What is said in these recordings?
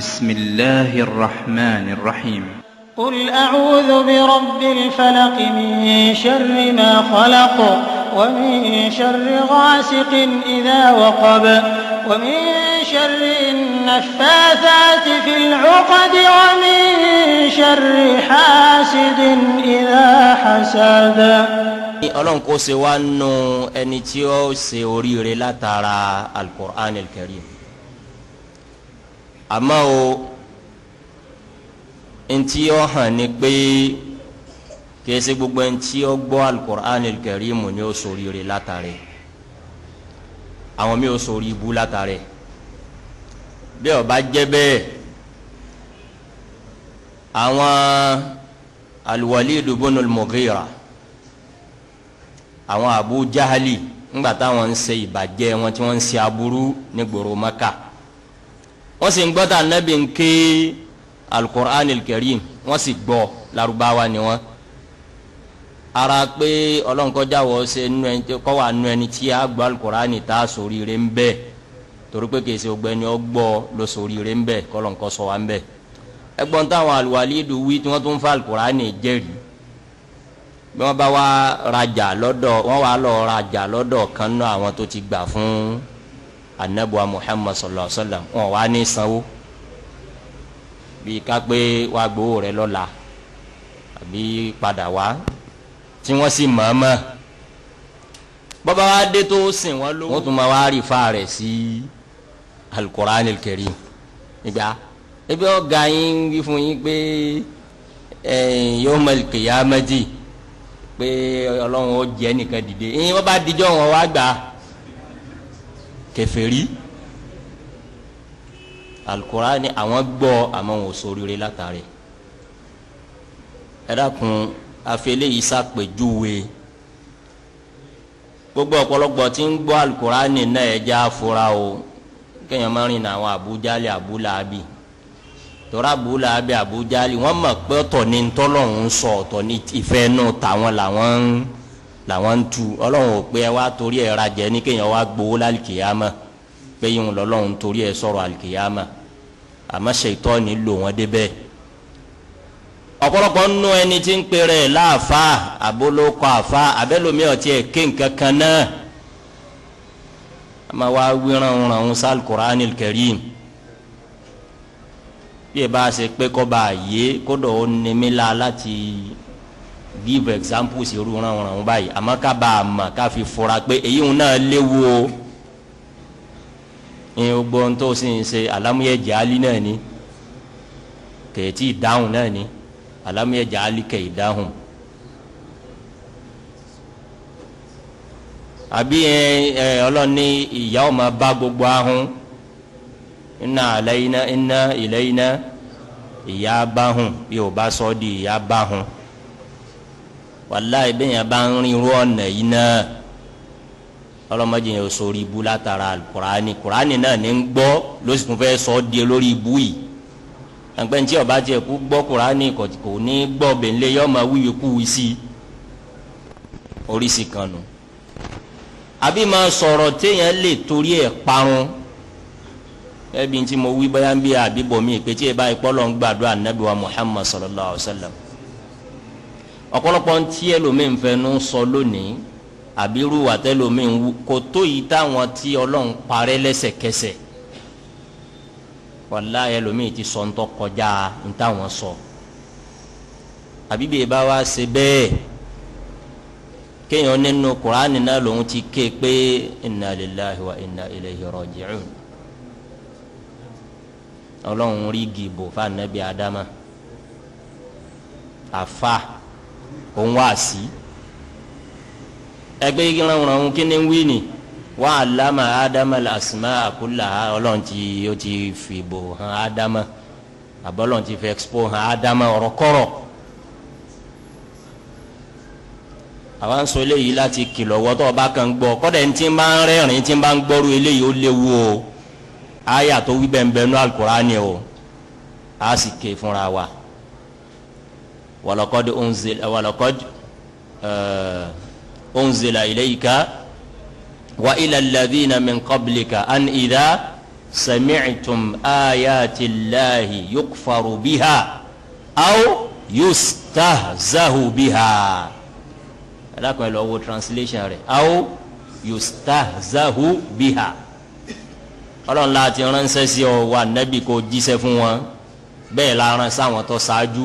بسم الله الرحمن الرحيم قل أعوذ برب الفلق من شر ما خلق ومن شر غاسق إذا وقب ومن شر النفاثات في العقد ومن شر حاسد إذا حسد ألونكو kó أنيتيو wá nù القرآن الكريم àmọ́ o ntí ọ hàn ni pé kèsì gbogbo ntí ọ gbọ́ alukur'an kẹrìmù ni ó sori rè látàrí àwọn mi ò sori ibú látàrí bí ó bá jẹ́ bẹ́ẹ̀ àwọn al-Walid ibn àwọn Abu Jahali ńgbà táwọn ń ṣe ìbàjẹ́ wọn tí wọ́n ń ṣe aburú ní gbòòrò Maka wọ́n sì ń gbọ́ tá anabi ń ké alukur'an karim wọ́n sì gbọ́ Lárúbáwá ni wọ́n ara pé ọlọ́nkọjá wọ́ ṣe nú ẹni kọ́ wà nú ẹni tí a gbọ́ alukur'an tá a sórí rẹ̀ ń bẹ́ẹ̀ torí pé kèsì ọgbẹ́ni ọgbọ́ ló sórí rẹ̀ ń bẹ́ẹ̀ kọ́lọ́nkọ́ sọ wa ń bẹ́ẹ̀ ẹgbọ́n táwọn aluwalidu wí tí wọ́n tún fa alukur'an jẹ́rìí bí wọ́n bá wá rajà lọ́dọ̀ wọ́n wá lọ rajà lọ́dọ̀ kan náà àwọn tó ti gbà fún anabuwa muhammad sallallahu alaihi wa sallam wọn wà ní sanwó bí ká pé gbowó rẹ lọ́la àbí padà wá tí wọ́n sì mọ̀ọ́mọ̀ bọ́ba wa dé tó sìn wọ́n lówó wọ́n tún ma wá rí fa rẹ̀ sí alukoran karim ìgbà ebi ọ̀gá yín wí fún yín pé yawmal qiyamati pé ọlọ́run ó jẹ́ nìkan dìde ẹ̀yin wọ́n bá dijọ́ wọn gbà á kèfèrí alukurani àwọn gbọ́ àmọ́ wọn ò ṣoríire látàrí ẹ dákun afẹlẹ yìí ṣàpèjúwe gbogbo ọ̀pọ̀lọpọ̀ tí ń gbọ́ alukurani náà ẹ já fura o kéèyàn máa rìn ní àwọn abujali abulabi tọ́ra abulabi abujali wọ́n mọ̀ pé ọ̀tọ̀ ni ntọ́lọ́hún sọ ọ̀tọ̀ ni ìfẹ́ nù tàwọn làwọn ń làwọn ń tu ọlọ́run ò pé ẹ wá torí ẹ rajẹ ní kéèyàn wá gbowó lálìkìyàmà pé yíwọn lọ́lọ́run torí ẹ sọ̀rọ̀ àlìkìyàmà àmọ́ ṣètọ́ ni lò wọ́n débẹ̀ ọ̀pọ̀lọpọ̀ nínú ẹni tí ń pèrè láàfà àbólókọ àfà abẹ́lómi ọ̀tí ẹ̀ ké nǹkan kan náà a máa wá wíran ràn sálùkùránì kẹrìm bí ẹ bá ṣe pé kọ́ bá yé kódò ó ní mi la láti give examples irú ránran wọn báyìí àmọ́ ká bá a mọ̀ ká fi fura pé èyí òun náà o ìyẹn gbogbo ohun tó sì ń ṣe alámúyẹ̀jẹ̀ alí náà ni kẹ̀ẹ́tì ìdáhùn náà ni alámúyẹ̀jẹ̀ alí kẹ̀ ìdáhùn. àbí ẹ ìyá ọmọ bá gbogbo ahun nna àlẹ́ iná iná ilẹ̀ iná ìyá bá sọ di ìyá bá wàláì bẹ́yẹn bá ń rin irú ọ̀nà yìí náà ọlọ́mọdé yẹn ò sórí ibu látara kùránì kùránì náà ní ń gbọ́ ló sì tún fẹ́ sọ ọ́ di olórí ibu yìí àgbẹ̀ ntí ọba tiẹ̀ kú gbọ́ kùránì kò ní gbọ́ bẹ̀ńlẹ̀ yọ ọmọ wíyí kú wí sí oríṣi kan nù àbí máa sọ̀rọ̀ téèyàn lè torí ẹ̀ parun ẹbí ntí mo wí báyà ń bí àbíbọ̀ mi ìpè tí ẹ bá ipọ́ lọ́n gbàdúrà nàbí wa Muhammad sallallahu alayhi wa sallam ọ̀pọ̀lọpọ̀ ń tí ẹlòmíín fẹnu sọ lónìí àbí rúwà tẹlòmíín wú kò tó yìí táwọn tí ọlọ́run parẹ́ lẹ́sẹ̀kẹsẹ̀ wàlá ẹlòmíín ti sọ ńtọ́ kọjá ńtáwọn sọ àbí bèè bá wá ṣe bẹ́ẹ̀ kéèyàn nínú kuraani náà lòun ti ké e pé inna lillahi wa inna ilayhi raji'un ọlọ́run rí gìbò fún anabi adama àfa. òun wá sí ẹgbẹ́ yìí ni wí ni wà á lámà ádámà làásìmá àkúlà ọlọ́run ti ó ti fìbò hàn ádámà àbọ̀lọ́run ti fi expo hàn ádámà ọ̀rọ̀ sọ eléyìí láti kìlọ̀ wọ́tọ̀ ọba kan gbọ́ kọ́dẹ̀ ní ti bá ń rẹ́rìn ti bá ń gbọ́rú eléyìí o a tó wí bẹ́ẹ̀ bẹ́ẹ̀ nú o a sì ké fúnra wa. walakod unzila walakod uh, unzila ilayka wa ila alladhina min qablika an idha sami'tum ayati llahi yukfaru biha aw yustahzahu biha ẹlẹ́kùn ẹ̀ lọ wo translation rẹ̀ aw yustahzahu biha ọlọ́run láti ránṣẹ́ sí ọ wà nẹ́bí kò jíṣẹ́ fún wọn bẹ́ẹ̀ la ránṣẹ́ àwọn tó ṣáájú.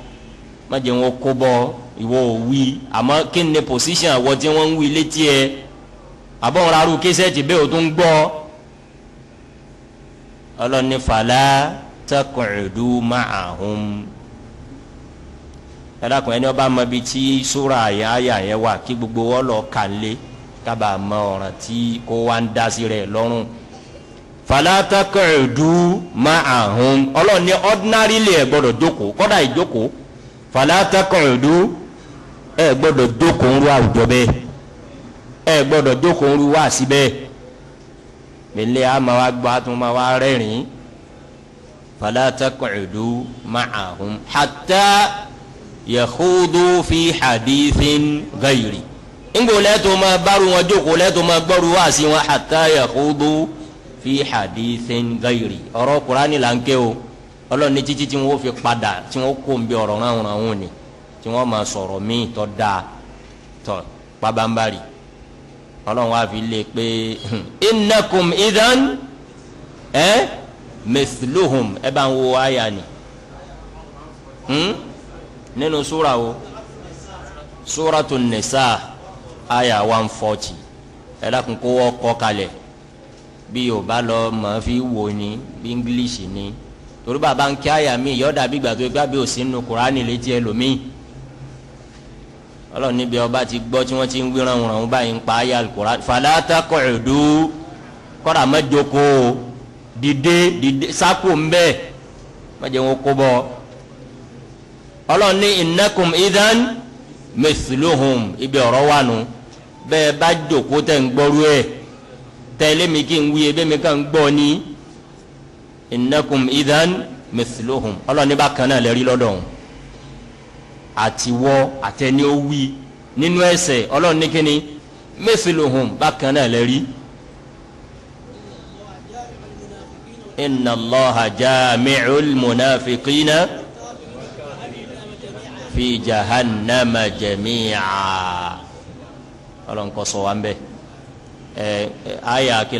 má jẹ́ wọn kó bọ́ ìwọ ò wí àmọ́ kí ni position àwọn tí wọ́n ń wí létí ẹ àbọ̀n raru késẹ́ẹ̀tì bẹ́ẹ̀ o tún gbọ́ ọlọ́ni fàlà taq'udu ma'ahum ẹlẹ́kùn ẹni ọba mọ ibi tí sóra àyà yẹn wà kí gbogbo wọn lọ kà lé kábà mọ ọ̀ràn tí kò wá ń dá sí rẹ̀ lọ́rùn fàlà taq'udu ma'ahum ọlọ́ni ordinary lè gbọ́dọ̀ jókòó kọ́dà ìjókòó falatakọ̀ọ̀dù ẹ gbọ́dọ̀ jókòó ń ru àwùjọ bẹ́ẹ̀ ẹ gbọ́dọ̀ jókòó ń ru wá sí bẹ́ẹ̀ pẹ̀lẹ́ a máa wá gbọ́ a tún máa wá rẹ́rìn-ín falatakọ̀ọ̀dù ma'ahum hatta yahudu fi hadithin gayri ńgbò lẹ́tọ̀ọ́ máa bárò wọn jókòó lẹ́tọ̀ọ́ máa gbọ́rù wá yahudu fi hadithin gayri ọ̀rọ̀ kùránì là ọlọ́run títí tí wọ́n fi padà tí wọ́n kó ń bí ọ̀rọ̀ ráhùn ráhùn ni tí wọ́n máa sọ̀rọ̀ míì tọ́ da tọ́ pabambari ọlọ́run wá fi lé pé hmm, idan ẹ mẹsìlóhùn ẹ bá ń ni hmm? nínú súra o ni. torí bàbá ń kí àyà mi yọ̀ọ́dà bí gbàgbé gbàgbé òsì nù kúránì létí ẹlòmíì ọlọ́run níbi ọba ti gbọ́ tí wọ́n ti ń wíran wọ̀ràn báyìí ń pa àyà kúrán fàlàtà kọ̀ọ̀dù kọ́ra mẹ́jọkọ́ dìde dìde sáko ń bẹ́ẹ̀ mẹ́jẹ̀ wọn kó bọ́ ọlọ́run ní innakum idan mithluhum ibi ọ̀rọ̀ wà nù bẹ́ẹ̀ bá jòkó tẹ̀ ń gbọ́rú ẹ̀ tẹ̀lé mi kí n wúye bẹ́ẹ̀ mi kàn ń gbọ́ ni innakum idan mithluhum ọlọ́run ní bákan náà lẹ́rí lọ́dọ̀ òun àtiwọ́ àtẹni ó wí nínú ẹsẹ̀ ọlọ́run ní kíni mithluhum bákan náà lẹ́rí. inna allaha الله munafiqina fi jahannama jami'a ọlọ́run kó ṣọ́ wa ń bẹ ẹ aya kí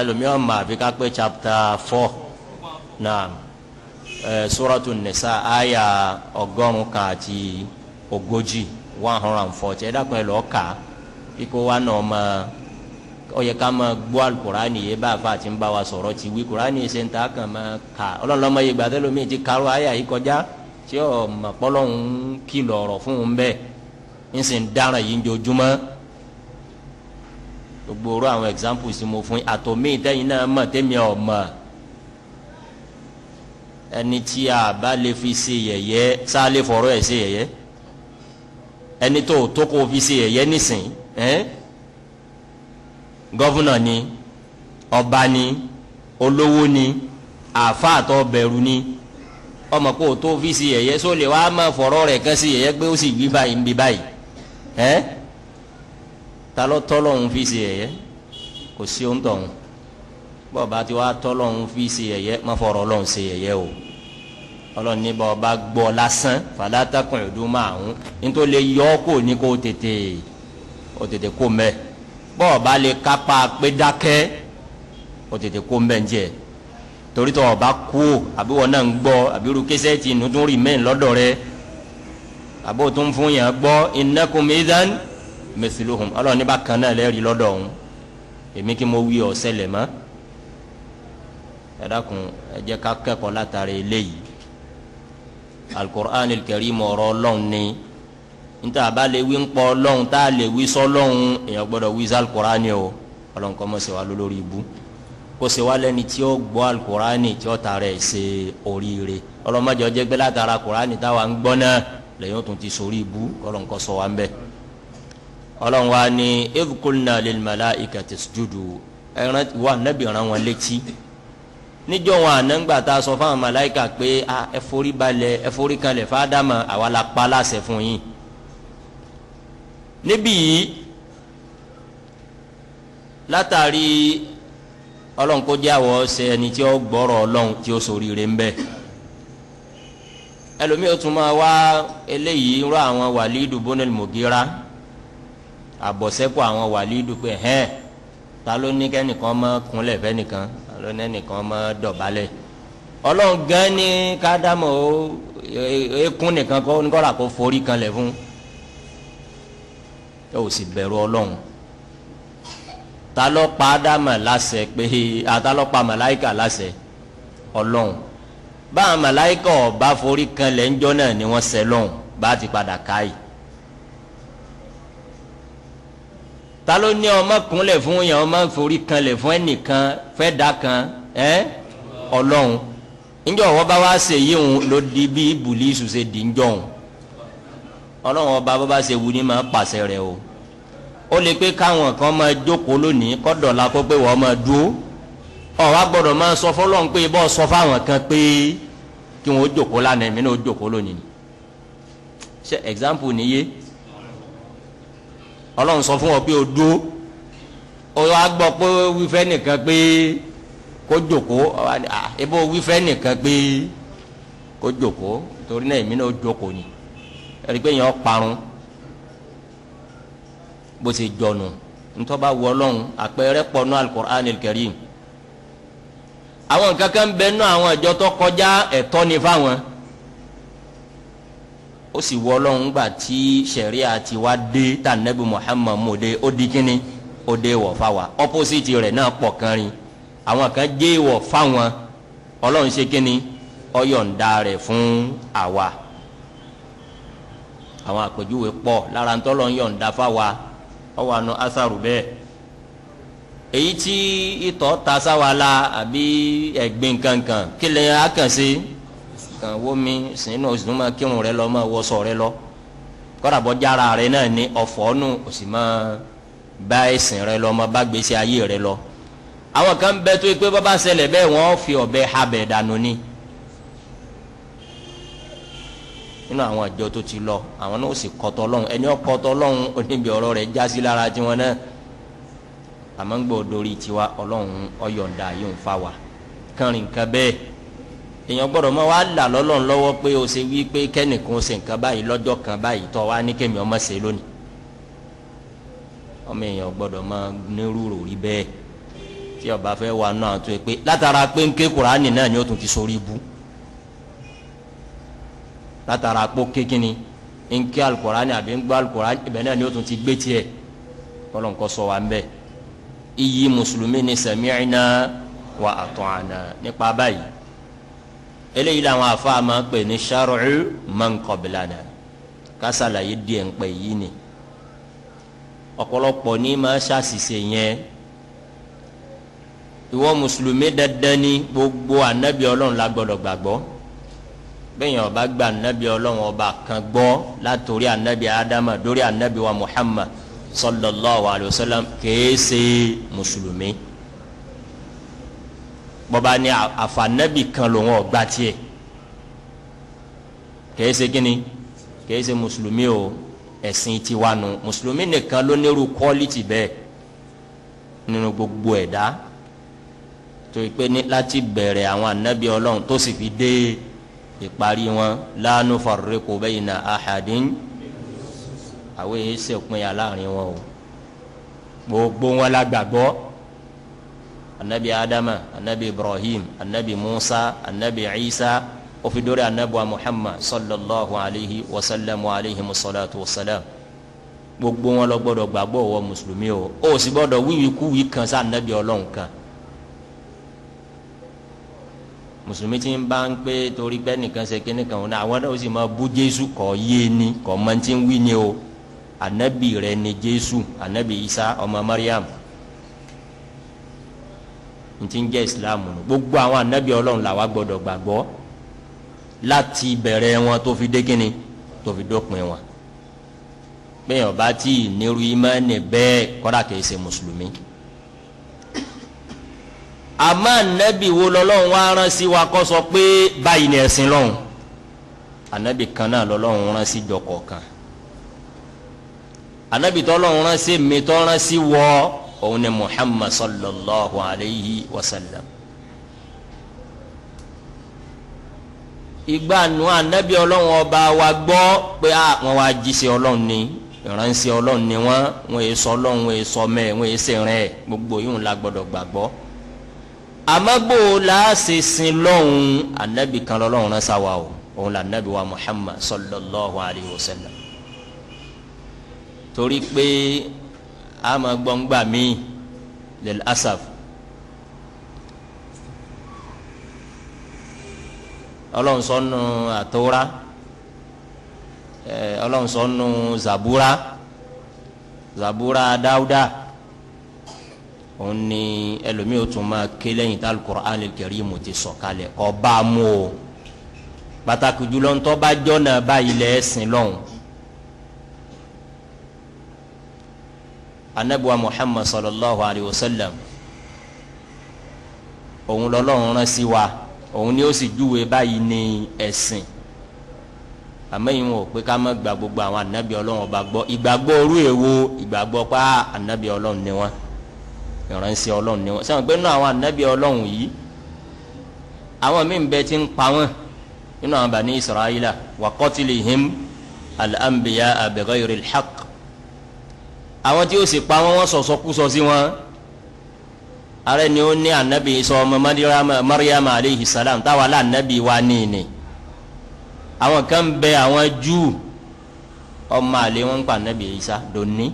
ẹlòmíràn mà àfi ká pé chapter four na náà suratu nisa aya ọgọ́rùn kan àti ogójì one hundred and forty ẹ dákun ẹ lọ́ọ́ kà á kíkó wa náà mọ ọ yẹ ká máa gbọ́ alukurani yìí bá a fa àti ń bá wa sọ̀rọ̀ ti wí kurani ṣe ń ta kàn máa kà ọlọ́lọ́mọ yìí gbàdé mi ti káró àyà yìí kọjá tí ọ mọ̀ pọ́lọ́hún kìlọ̀ ọ̀rọ̀ fún un bẹ́ẹ̀ ń sì ń dáràn yìí ń jojúmọ́ gbogbo orú àwọn example si mo fún àtọ̀mí ìtẹ́yìn náà mọ̀ tẹ́mi ọ̀ mọ̀ ẹni tí a bá lè fi ṣe yẹ̀yẹ́ sá lè fọ̀rọ̀ ẹ̀ ṣe yẹ̀yẹ́ ẹni tó tó kó fi ṣe yẹ̀yẹ́ nísìn ẹ́n gọ́vùnà ni ọba ni olówó ni àfa àtọ̀ bẹ̀rù ni ọmọ kó tó fi ṣe yẹ̀yẹ́ só lè wá máa fọ̀rọ̀ rẹ̀ kán sí yẹ̀yẹ́ pé ó sì gbé báyìí ń bí báyìí ẹ́n. Eh? ta ló tọ́lọ́hún fi ṣe ẹ̀yẹ kò sí ohun tọ̀hún bọ́ọ̀bá tí wàá tọ́lọ́hún fi ṣe ẹ̀yẹ má fọ̀rọ̀ ọlọ́hún ṣe ẹ̀yẹ o ọlọ́run ní bọ́ọ̀bá gbọ́ lásán fàlátàkùn ẹ̀dùn márùn nítorí lè yọ ọ́ kò ní kó tètè ó tètè kó mẹ́ bọ́ọ̀bá lè kápá pé dákẹ́ ó tètè kó mẹ́ ń jẹ́ ẹ̀ torí tó ọba kú o àbí wọn náà ń gbọ́ àbí irú kẹsẹtì nùtún rí mẹ́rin lọ́dọ̀ rẹ̀ àbí o tún fún yàn gbọ́ innakum idhan mẹsìlóhùn ọlọ́run níbà kan náà lẹ́rìí lọ́dọ̀ ọ̀hún èmi kí mo wí ọ̀sẹ̀ lẹ̀ mọ́ ẹ dákun ẹ jẹ́ ká kẹ́kọ̀ọ́ látara eléyìí alukur'an kẹrìmù ọ̀rọ̀ ọlọ́run ni níta a bá lè wí ń pọ ọlọ́run tá a lè wí sọ ọlọ́run èèyàn gbọ́dọ̀ wí sá alukur'an o ọlọ́run kọ́ mọ̀ sí wa lólórí ibú kó ṣe wá lẹ́ni tí ó gbọ́ alukur'ani tí ó tara ẹ̀ ṣe oríire ọlọ́mọdé ọjẹ́ gbé látara alukur'ani táwa ń gbọ́ náà lẹ́yìn ó ti sórí ibú kọ́ ló sọ wa ń bẹ́ẹ̀ ọlọ́run wa ni idh qulna lil malaikati ẹran wa nabi ran wọn létí níjọ́ wọn ànágbà tá a sọ fáwọn màláìka pé ẹ forí balẹ̀ ẹ forí kanlẹ̀ fáadámà àwa la pa láṣẹ fún yín níbí yìí látàrí ọlọ́run kó jẹ́ àwọ̀ ṣe ẹni tí ó gbọ́rọ̀ ọlọ́run tí ó ṣoríire ń bẹ ẹlòmíì tún máa wá eléyìí rọ àwọn wàlídùú bónel mògíra àbọ̀sẹ́kù àwọn wàlídù pé hẹ́n ta ló ní kẹ́nìkan mọ́ kúnlẹ̀ fẹ́nìkan ta ló ní ẹnìkan mọ́ dọ̀bálẹ̀ ọlọ́run gan ni kádámọ̀ ó e, ekún nìkan kọ́ nígbàlá kó forí kanlẹ̀ fún ó sì bẹ̀rù ọlọ́run ta ló pa ádámà láṣẹ pé ta ló pa màláìkà láṣẹ ọlọ́run báwọn màláìkà ọba forí kanlẹ̀ ńjọ́ náà ni wọ́n ṣẹ lọ́hùn bá ti padà káyìí. ta ló ní ọmọ kúnlẹ̀ fún yẹn ọmọ forí kanlẹ̀ fún ẹnìkan fẹ́ da kan ẹ́ ọlọ́run níjọ́ ọ̀wọ́ bá wá ṣe yí òun ló di bí bùlísù ṣe dì ń jọ̀hún ọlọ́run ọba bó bá ṣe wù ní máa pàṣẹ rẹ̀ o ó lè pé káwọn kan máa jókòó lónìí kọ́dọ̀la kó pé wọ́n máa dúró ọ̀wá gbọ́dọ̀ máa sọ fọlọ́run pé bọ́ sọ fáwọn kan pé kí wọ́n jókòó lánàá èmi náà jókòó lónìí ṣe example nìyé ọlọ́run sọ fún ọ pé o dúró o wá gbọ́ pé wífẹ́ nìkan pé kó jòkó ebo wífẹ́ nìkan pé kó jòkó torí náà èmi náà jòkó ni ẹ̀rí pé yẹn ọ parun bó ṣe jọnu ntọ́ba wọ ọlọ́run àpẹẹrẹ pọnú alukur'an karim àwọn kankan bẹ́ẹ̀ nú àwọn ìjọ tó kọjá ẹ̀tọ́ ni fáwọn. E ó sì wọ ọlọ́run gbà tí sẹ̀ríà ti wá dé tá nẹ́bí Muhammad ó di kíni ó dé wọ̀ fáwa opposite rẹ̀ náà pọ̀ kan rin àwọn kan dé wọ̀ fáwọn ọlọ́run ṣe kíni ó yọ̀ǹda rẹ̀ fún àwa àwọn àpèjúwe pọ̀ lára ń tọ́lọ́ yọ̀ǹda fáwa ó wà asaru bẹ́ẹ̀ èyí tí ìtọ̀ ta sáwa la àbí ẹ̀gbin kankan kí lè akànṣe kan wómi sínú oṣù tó ma kírun rẹ lọ máa wọṣọ rẹ lọ kọ́dà bọ́ jára rẹ náà ní ọ̀fọ́ nù ó sì máa bá ẹ̀sìn rẹ lọ máa bá gbèsè ayé rẹ lọ àwọn kan bẹ tó pé bọ́ bá ṣẹlẹ̀ bẹ́ẹ̀ fi ọ̀bẹ habẹ̀ dànù ni nínú àwọn àjọ tó ti lọ àwọn náà ó sì kọtọ lọ́hùn ẹni ọkọtọ lọ́hùn oníbi ọ̀rọ̀ rẹ̀ jásí lára tiwọn náà àmọ́ ń gbọ́ dorí tiwa ọlọ́run ọyọ̀ǹda yóò fa wa kánrin èèyàn gbọ́dọ̀ mọ̀ wá là lọ́wọ́ pé o ṣe wí pé kẹ́nìkan ṣe nǹkan báyìí lọ́jọ́ kan báyìí tó wá ní ọmọ ṣe lónìí ọmọ èèyàn gbọ́dọ̀ mọ̀ nírúurú rí bẹ́ẹ̀ tí ọba fẹ́ wà náà tó yẹ pé látara pé ń ké náà tún ti ibú látara pé ó ké àbí ń eléyìí làwọn àfáà máa pè ní shar'u man qablana kásàlàyé díẹ̀ ń pè yìí ni ọ̀pọ̀lọpọ̀ ní máa ṣàṣìṣe yẹn ìwọ mùsùlùmí dandan ni gbogbo ànábì ọlọ́run la gbọ́dọ̀ gbàgbọ́ bẹ́ẹ̀yàn ọba gba ànábì ọlọ́run ọba kan gbọ́ látòrí ànábì ádámà dórí ànábì wa muhammad sallallahu alayhi wa sallam kèé ṣe mùsùlùmí bọba ní àfànẹ́bì kan lòun ọ̀gbà tiẹ̀ kìí ṣe gíní kìí ṣe mùsùlùmí o ẹ̀sìn tiwa nu mùsùlùmí nìkan ló nírú kọ́lìtì bẹ́ẹ̀ nínú gbogbo ẹ̀dá tó yí pé ní láti bẹ̀rẹ̀ àwọn ànábì ọlọ́run tó sì fi dé ìparí wọn la nufarriqu bayna ahadin àwọn èyí ṣèpínyà láàrin wọn o gbogbo wọn la gbàgbọ́ anabi adama anabi ibrahim anabi musa anabi isa ó fi dórí anabi wa muhammad sallallahu alayhi wa sallam wa alayhi musalatu wa salam gbogbo wọn lọ gbọ́dọ̀ gbàgbọ́ wọ mùsùlùmí o ó sì gbọ́dọ̀ wíwí kú wí kan sáà nẹbi Ọlọ́run kan mùsùlùmí ti ń bá ń pé torí pé nìkan ṣe kíní kan òun àwọn náà ó sì máa bú jésù kọ yé ni kọ máa ti wí ni o ànábì rẹ ni jésù ànábì isa ọmọ mariam ntí ń jẹ́ islam nù gbogbo àwọn anabi ọlọ́run làwa gbọ́dọ̀ gbàgbọ́ láti bẹ̀rẹ̀ wọn tó fi dé kínni tó fi dópin wọn bẹ́ẹ̀ ọba tí ìnirú imáni bẹ́ẹ̀ kọ́dà kìí ṣe mùsùlùmí. àmọ́ anabi wo lọ́lọ́run wá rán sí wa kọ́ sọ pé báyìí ni ẹ̀sìn lọ́hùn anabi kan náà lọ́lọ́run rán sí jọ kọ̀ọ̀kan anabi tọ́lọ́run rán sí mi tọ́ rán sí wọ́ọ́ òun ni muhammad sallallahu alayhi wa sallam. ìgbà nu anabi ọlọ́run ọba wa gbọ́ pé àwọn ah, wa jíṣẹ́ ọlọ́run ni ìránṣẹ́ ọlọ́run ni wọ́n wọ́n èso ọlọ́run wọ́n èso ọmọ ẹ̀ wọ́n èso ìrìn ẹ̀ gbogbo yìí la gbọ́dọ̀ gbàgbọ́ amagbo laasesin lọ́hùn anabi kan lọ́hùn ránṣẹ́ wa o òun la anabi wa muhammad sallallahu alayhi wa sallam torí pé àmọ́ gbọǹgbà míì lil asaf. ọlọ́run atora àtọ́ra ọlọ́run zabura zabura dáúdà oni ni ẹlòmíì ó tún máa ké lẹ́yìn tá al-Qur'an al-Karim ti sọ̀kalẹ̀ kọ́ bá a o pàtàkì jùlọ ń tọ́ bá jọ́nà báyìí lẹ́ẹ̀sìn lọ́hùn. anabiwa muhammad sallallahu alayhi wa sallam òun lọ́lọ́run rán sí wa òun ni ó sì júwe báyìí ní ẹ̀sìn àmọ́ ìwọn ò pé ká má gba gbogbo àwọn anabi ọlọ́run ọba gbọ́ ìgbàgbọ́ orú èwo ìgbàgbọ́ pa anabi ah, ọlọ́run ni wọn ìránṣẹ́ ọlọ́run ni wọn sẹ́wọ̀n pé nínú àwọn anabi ọlọ́run yìí àwọn míì bẹ ti ń pa wọn nínú àwọn bani israẹla wa qatilihim al-anbiya àwọn tí ó sì pa wọn wọn sọ̀sọ̀ kú sọ sí wọn ara ni ó ní anabi sọ ọmọ mariam aleyhi salam táwa la anabi wa níìní àwọn kan bẹ àwọn júù ọmọ àlè wọn ń pa anabi isa dòní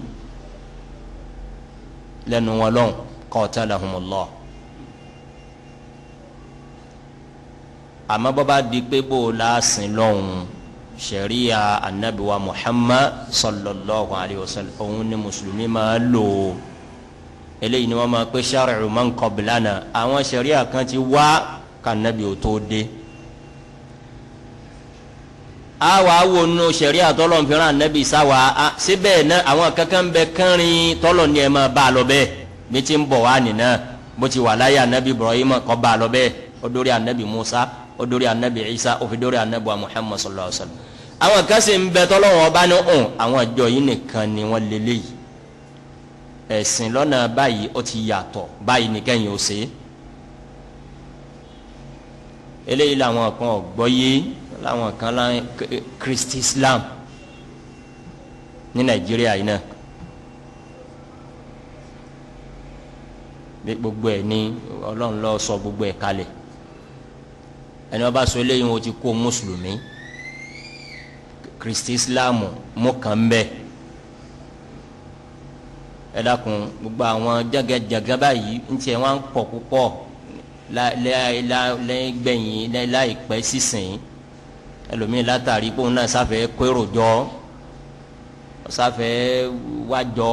lẹ́nu wọn lọ́hùn qatalahumullah. àmọ́ bọ́ bá di pé bó o la lọ́hùn sẹ̀ríya anabiwa muhammad sallallahu alayhi wa sallam òun ni mùsùlùmí máa lò ó eléyìí ni wọ́n máa pé sari'u man qablana àwọn sẹ̀ríya kan ti wá kanabi ò tó dé awa awo nu sẹ̀ríya tọ́lọ̀ ń fẹ́ràn anabi sáwa síbẹ̀ náà àwọn kankan bẹ kẹrin tọ́lọ̀ ni ẹ máa bá a lọ bẹ́ẹ̀ bí ti ń bọ̀ wá nìyẹn bó ti wà láyé anabi ibrahim kọ́ bá a lọ bẹ́ẹ̀ ó dórí anabi musa. ó dórí anabi isa o fi dórí anabi wa muhammad sallallahu alaihi wa àwọn kan sì ń bẹ tọ́lọ́wọ́n ọba ní ọ̀hún àwọn àjọ yìí nìkan ni wọ́n lélẹ́yìí ẹ̀sìn lọ́nà báyìí ó ti yàtọ̀ báyìí nìkẹ́yìn ó ṣe é kan kristi islam ní nàìjíríà yìí gbogbo ẹ̀ ní ọlọ́run gbogbo ẹ̀ ẹni wọn bá sọ eléyìí wọn ti kó mùsùlùmí kristi islamu mú kàn bẹ́ẹ̀ ẹ dákun gbogbo àwọn jẹgẹjẹgẹ báyìí ń tiẹ̀ wọn pọ̀ púpọ̀ lẹ́gbẹ̀yìn láìpẹ́ sísìn ẹlòmíì látàrí pé òun náà sáfẹ́ kérò jọ sáfẹ́ wájọ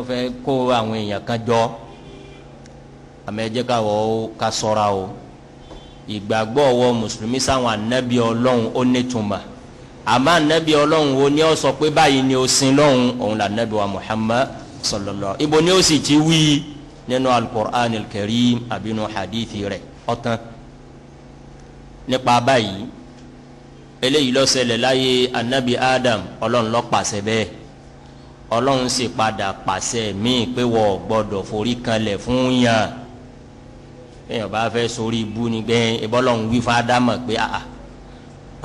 ọfẹ́ kó àwọn èèyàn kan jọ àmọ́ ẹ jẹ́ ká wọ́ o ìgbàgbọ́ ọwọ́ mùsùlùmí sáwọn ànábì ọlọ́run ó nítumọ̀ àmọ́ ànábì ọlọ́run wo ni ó sọ pé báyìí ni ó sin lọ́hùn òun là ànábì wa Muhammad sallallahu ibo ni ó sì ti wí nínú alukur'an karim àbínú hadithi rẹ̀ ọ̀tán nípa báyìí eléyìí ló ṣẹlẹ̀ láyé ànábì Adam ọlọ́run ló pàṣẹ bẹ́ẹ̀ ọlọ́run sì padà pàṣẹ míì pé wọ́n gbọ́dọ̀ forí kanlẹ̀ fún yàn èèyàn bá fẹ́ sórí ibú ni gbẹ́ ìbọ́lọ́hún wí fún ádámà pé àà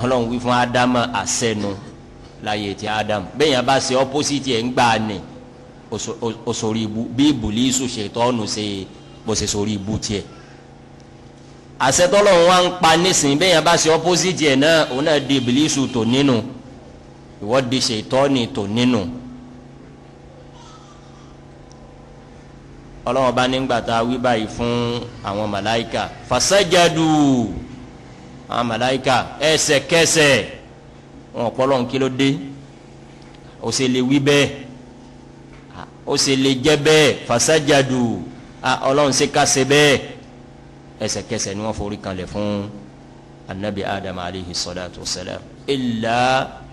ọlọ́hún wí fún ádámà àṣẹnu láyé ti ádámù béèyàn bá ṣe ọ́pọ́sìtì ẹ̀ ń gbà ní òṣòrí ibú bí ìbùlísù ṣètọ́nù ṣe bó ṣe sórí ibú tiẹ̀ àṣetọ́lọ́hún wa ń pa nísìnyí béèyàn bá ṣe ọ́pọ́sìtì ẹ̀ náà òun náà di ìbùlísù tò nínú ìwọ́de ṣètọ́ni tò nínú. ọlọ́wọ́n bá nígbà tá a wí báyìí fún àwọn màláìka fasajadu àwọn màláìka ẹsẹ̀kẹsẹ̀ wọn ọ̀pọ̀lọ́ ń kíló dé ó sì lè wí bẹ́ẹ̀ ó sì lè jẹ́ bẹ́ẹ̀ fasajadu ọlọ́run sì ká ṣe bẹ́ẹ̀ ẹsẹ̀kẹsẹ̀ ni wọ́n forí kanlẹ̀ fún anabi adam alayhi salatu wa salam illa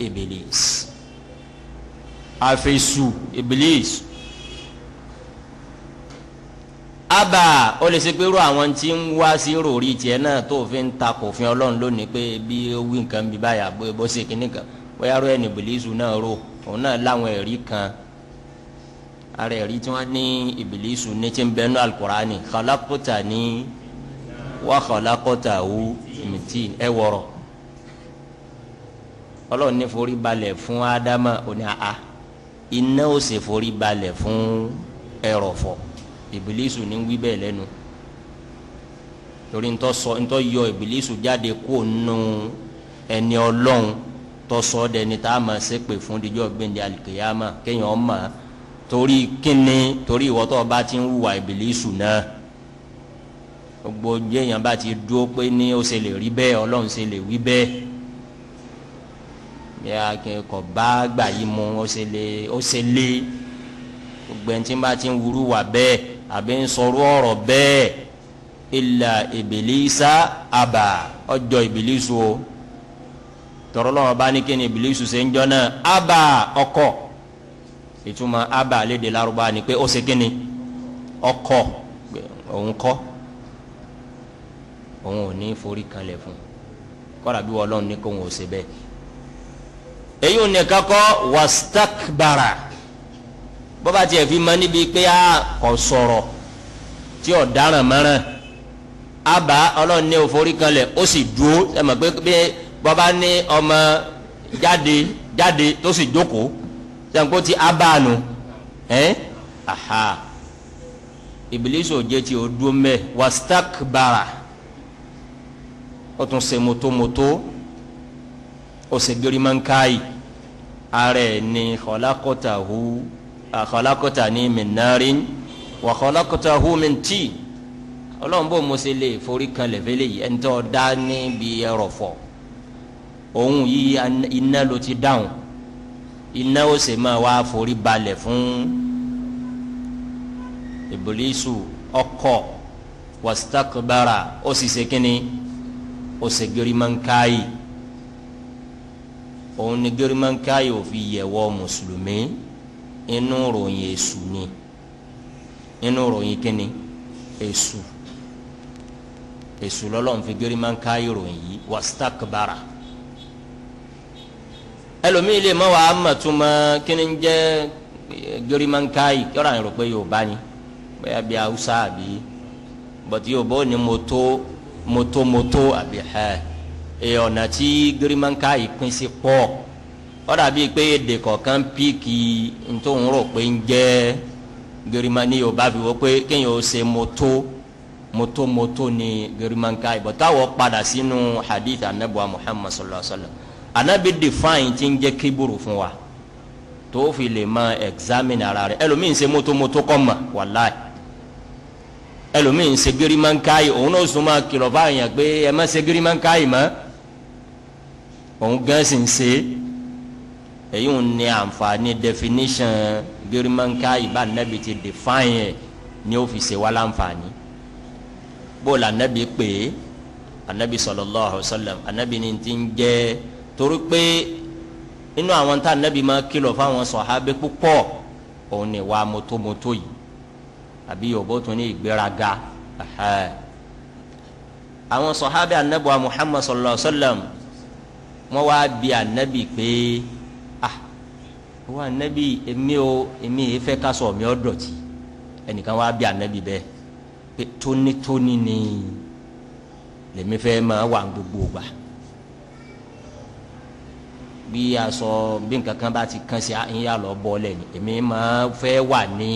iblis afesu iblis. àbà ó lè ṣe pé irú àwọn tí ń wá sí ròrí tiẹ̀ náà tó fi ń ta kò fi ọlọ́run lónìí pé bí ó wí nǹkan bí báyà bó ṣe kínní kan bóyá ró ẹni ìbìlísù náà rò òun náà láwọn ẹ̀rí kan ara ẹ̀rí tí wọ́n ní ìbìlísù ní ti ń bẹnu alukurani kọlákọta ní wà kọlákọta wù mìtì ẹ wọ̀rọ̀ ọlọ́run ní forí balẹ̀ fún ádámà òní àá iná ó sì forí balẹ̀ fún ẹrọ̀fọ̀. E ìbílísù ní wí bẹ́ẹ̀ lẹ́nu torí ntọ́ sọ ntọ́ yọ ìbílísù jáde kó nù ẹni ọlọ́run tọ́ sọ dẹni tá a máa ṣépè fún díjọ́ gbẹ̀ndẹ̀ àlìkéyàmà kéèyàn mọ̀ torí kíni torí ìwọ́tọ̀ bá ti ń wùwà ìbílísù náà gbogbo jẹ́yàn bá ti dúró pé ní ó ṣe lè rí bẹ́ẹ̀ ọlọ́run ṣe lè wí bẹ́ẹ̀ bí a kò bá gbà yí mu ó ṣe lè ó ṣe lé gbogbo ti ń wúrú wà bẹ́ẹ̀ àbí ń sọ̀rọ̀ ọ̀rọ̀ bẹ́ẹ̀ ilà ìbìlísà àbà ọjọ́ ìbìlísù o tọrọlọ́wọ́ bá ní kíni ìbìlísù ṣe ń jọ náà àbà ọkọ̀ ìtumọ̀ àbà léde lárúbá ni pé ó ṣe kíni ọkọ̀ òun kọ́ òun ò ní forí kanlẹ̀ fún kọ́ra bí wọ́n lọ́n ní kó ò ṣe bẹ́ẹ̀ èyí ò ní kakọ́ wastakbara bọ́ba tiẹ̀ fi mọ níbi pé a kò sọ̀rọ̀ tí ò dáràn mọ́ràn àbá ọlọ́run ní òforí kan lẹ̀ ó sì dúró sẹ́mi pé bọ́ba ní ọmọ jáde jáde tó sì jókòó sẹ́mi ti abáànù ẹ́n aha ìbílísì òjé tí o dúró mẹ́ wastak bara ó tún ṣe mọ́tòmọ́tò ó sì gírí mọ́ńkáyì ara ẹ̀ ní khalaqatahu akhalaqtani min narin wa khalaqtahu min tin ọlọ́run bò mo ṣe lè forí kan lẹ́fẹ́ léyìí ẹni tó dá níbi ẹrọ̀fọ̀ òun yìí iná ló ti dáhùn iná ó sì máa wá forí balẹ̀ fún Ìbílísù ọkọ wasitakubara ó sì ṣe kínní ó ṣe gerimankayi òun ni gerimankayi ò fi yẹ̀wọ́ mùsùlùmí inú ròyìn èṣù ni inú ròyìn kíni èṣù èṣù lọ́lọ́run fi gírí máa ń ká ìròyìn yìí wastakbara ẹlòmíì lè mọ wà á mọ̀ tó mọ kíni ń jẹ́ gírí máa ń ká yìí kí ọ̀rọ̀ àwọn èrò pé Yorùbá ni bóyá bíi Haúsá àbí bọ̀tí Yorùbá ò ní mọ́tò mọ́tò mọ́tò àbí ẹ̀ ọ̀nà tí gírí máa ń ká yìí pín sí pọ́ọ̀. ó dàbí pé èdè kọ̀ọ̀kan píìkì ntòun pé ń jẹ́ Gẹ̀rìmánì yóò bá fi wọ́ pé kéèyàn ó ṣe mọ́tò mọ́tò mọ́tò ni gẹ̀rìmánìká ìbọ̀ táwọn padà sínú hadith anabuwa Muhammad sallallahu alaihi wa sallam anabi define ti ń jẹ́ fún wa tó fi lè ma examine ara rẹ̀ ẹlòmíì ń ṣe mọ́tò mọ́tò kọ́ mọ̀ wàláì ẹlòmíì ń ṣe yìí òun náà kìlọ̀ pé èyí ń ní àǹfààní definition girimanka ìbá nàbì ti define yẹ ní ó fi ṣe wá láǹfààní bóòlù ànábì pé ànábì sallallahu alaihi anabi ànábì ni ti ń jẹ torí pé inú àwọn tá ànábì máa kìlọ̀ fáwọn sọ̀hábẹ́ púpọ̀ òun ni wàá mọ́tòmọ́tò yìí àbí yòòbó tún ní ìgbéraga àwọn sọ̀hábẹ́ ànábì wa muhammad sallallahu alaihi wasallam wọ́n wá bi ànábì pé wọn anabi èmi o èmi yìí fẹ́ ká sọ mi ọ ẹnìkan wá bí anabi bẹ́ẹ̀ pé tónítóní ni lèmi fẹ́ máa wà gbogbo gbà bí aṣọ bí nǹkan kan bá ti kàn sí ẹ̀yin yà lọ bọ́lẹ̀ ni èmi máa fẹ́ wà ní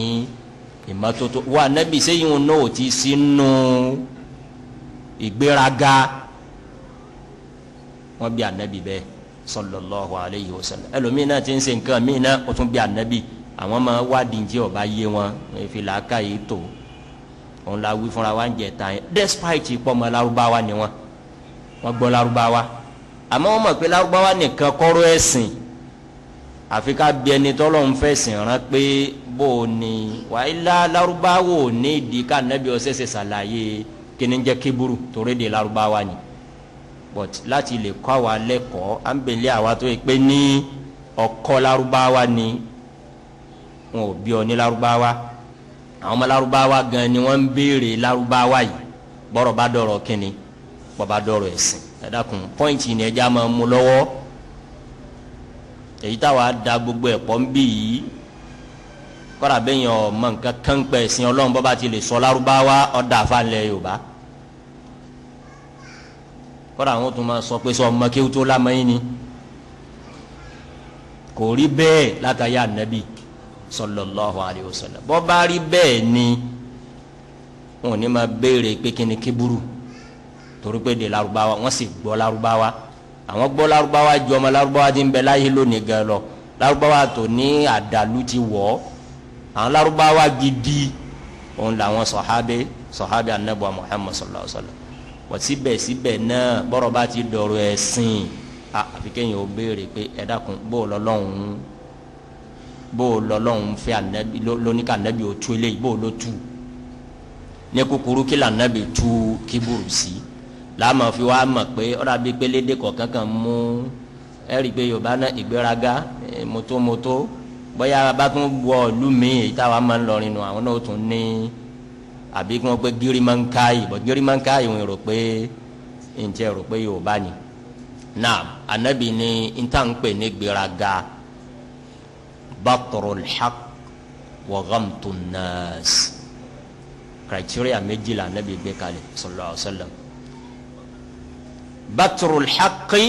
ìmọ́tótó wa nẹ́bí sẹ́yìn òun náà ti sínú ìgbéraga wọ́n bí ànẹ́bí bẹ́ẹ̀ sallallahu alayhi wa sallam ẹlòmíín náà ti ń ṣe nǹkan míín náà ó tún bí anabi àwọn máa wádìí tí ọba yé wọn èfi làákà yìí tó òun la wí fúnra wa ń jẹ tàn despite ìpọmọ Lárúbáwá ni wọn wọn gbọ́ Lárúbáwá àmọ́ wọn mọ̀ pé Lárúbáwá nìkan kọ́rọ̀ ẹ̀sìn àfi ká bí ẹni tọ́lọ̀ ń fẹ̀sìn rán pé bó o ní wàhálà Lárúbáwá ò ní ìdí ká nàbí ọ̀sẹ̀ ṣe ṣàlàyé kíni jẹ́ kébùrù torí de larubawa ni but láti lè kọ́ àwa lẹ́kọ̀ọ́ à ń bèlè àwa tó yẹ pé ní ọkọ Lárúbáwá ni wọn ò bí ọ ní Lárúbáwá àwọn ọmọ Lárúbáwá gan ni wọ́n ń béèrè Lárúbáwá yìí bọ́rọ̀ bá dọ̀rọ̀ kínni bọ́ bá dọ̀rọ̀ ẹ̀sìn ẹ dákun pọ́ìntì ni ẹja máa mú lọ́wọ́ èyí táwa da gbogbo ẹ̀pọ̀ ń bí yìí kọ́ra bẹ́yìn ọ̀ mọ̀ nǹkan kán ẹ̀sìn Ọlọ́run bọ́ bá ti lè sọ Lárúbáwá ọ̀dà àfa ńlẹ̀ Yorùbá kọ́ra àwọn tó máa sọ pé sọ ọmọ kéwú tó lámọ́yìn ni kò rí bẹ́ẹ̀ látàyà ànábì sallallahu alayhi wa sallam bọ́ bá rí bẹ́ẹ̀ ni wọn ò ní máa béèrè pé kí ni kébùrù torí pé de larubawa wọ́n sì gbọ́ Lárúbáwá àwọn gbọ́ larubawa ju ọmọ Lárúbáwá ti ń bẹ láyé lónìí gan lọ Lárúbáwá tó ní àdàlú ti wọ̀ ọ́ àwọn Lárúbáwá gidi òun làwọn sọ̀hábẹ́ sọ̀hábẹ́ anábọ̀ Muhammad sallallahu sallam wọ́n síbẹ̀síbẹ̀ náà bọ́rọ̀ bá ti dọ̀rọ̀ ẹ̀sìn àfi kéèyàn ó béèrè pé ẹ dákun bó o lọ́lọ́hún bó o lọ́lọ́hún fẹ́ ànábì lóníkà ànábì ó tú eléyìí bó o ló tú ní kúkúrú kí lànábì tú kíbùrù sí làmọ̀ fi wá mọ̀ pé ọ̀rọ̀ àbí pélédé kọ̀ọ̀kan kan mú ẹ̀rí pé yorùbá náà ìgbéraga mọ́tòmọ́tò bóyá bá tún wọ ìlú mi èyí táwa máa ń lọrin nù àwọn náà tún ní àbí kí wọ́n pé girimankai bọ̀ girimankai wọ́n rò pé ǹjẹ́ rò pé yorùbá ni naam anabi ni ntànkpé ní gbéraga batrul haq wa ghamtun nas criteria méjì la anabi gbé kalẹ̀ sallallahu alaihi wa sallam batrul haqi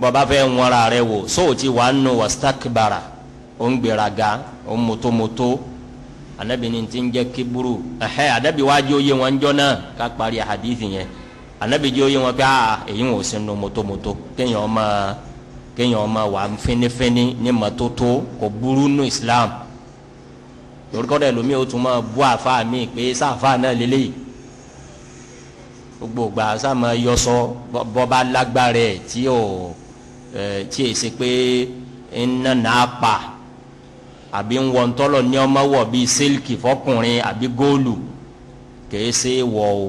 bàbá fẹ́ ń wọ́n ra wò sóòtì wàá nù So, o ń gbéraga ó ń motomoto anabi ni ti ń jẹ́ kíburu ẹhẹ anabi wá jẹ́ oyé wọn jọ náà ká parí hadithi yẹn anabi jẹ́ oyé wọn pé aa èyí ń wò sínú motomoto kéèyàn ọmọ kéèyàn ọmọ wà fínífíní ní mọ́tótó kò burú nù islam lórúkọ dẹ lómi o tún máa bú àfa mi pé sáfa náà lélẹyìí gbogbo gba sáma yọsọ bọba lágbára ẹ tí o ẹ tí e ṣe pé ń nana pa àbí ń wọ ntọ́lọ̀ ní ọmọ wọ̀ bíi sílìkì fọkùnrin àbí góòlù kìí ṣe wọ o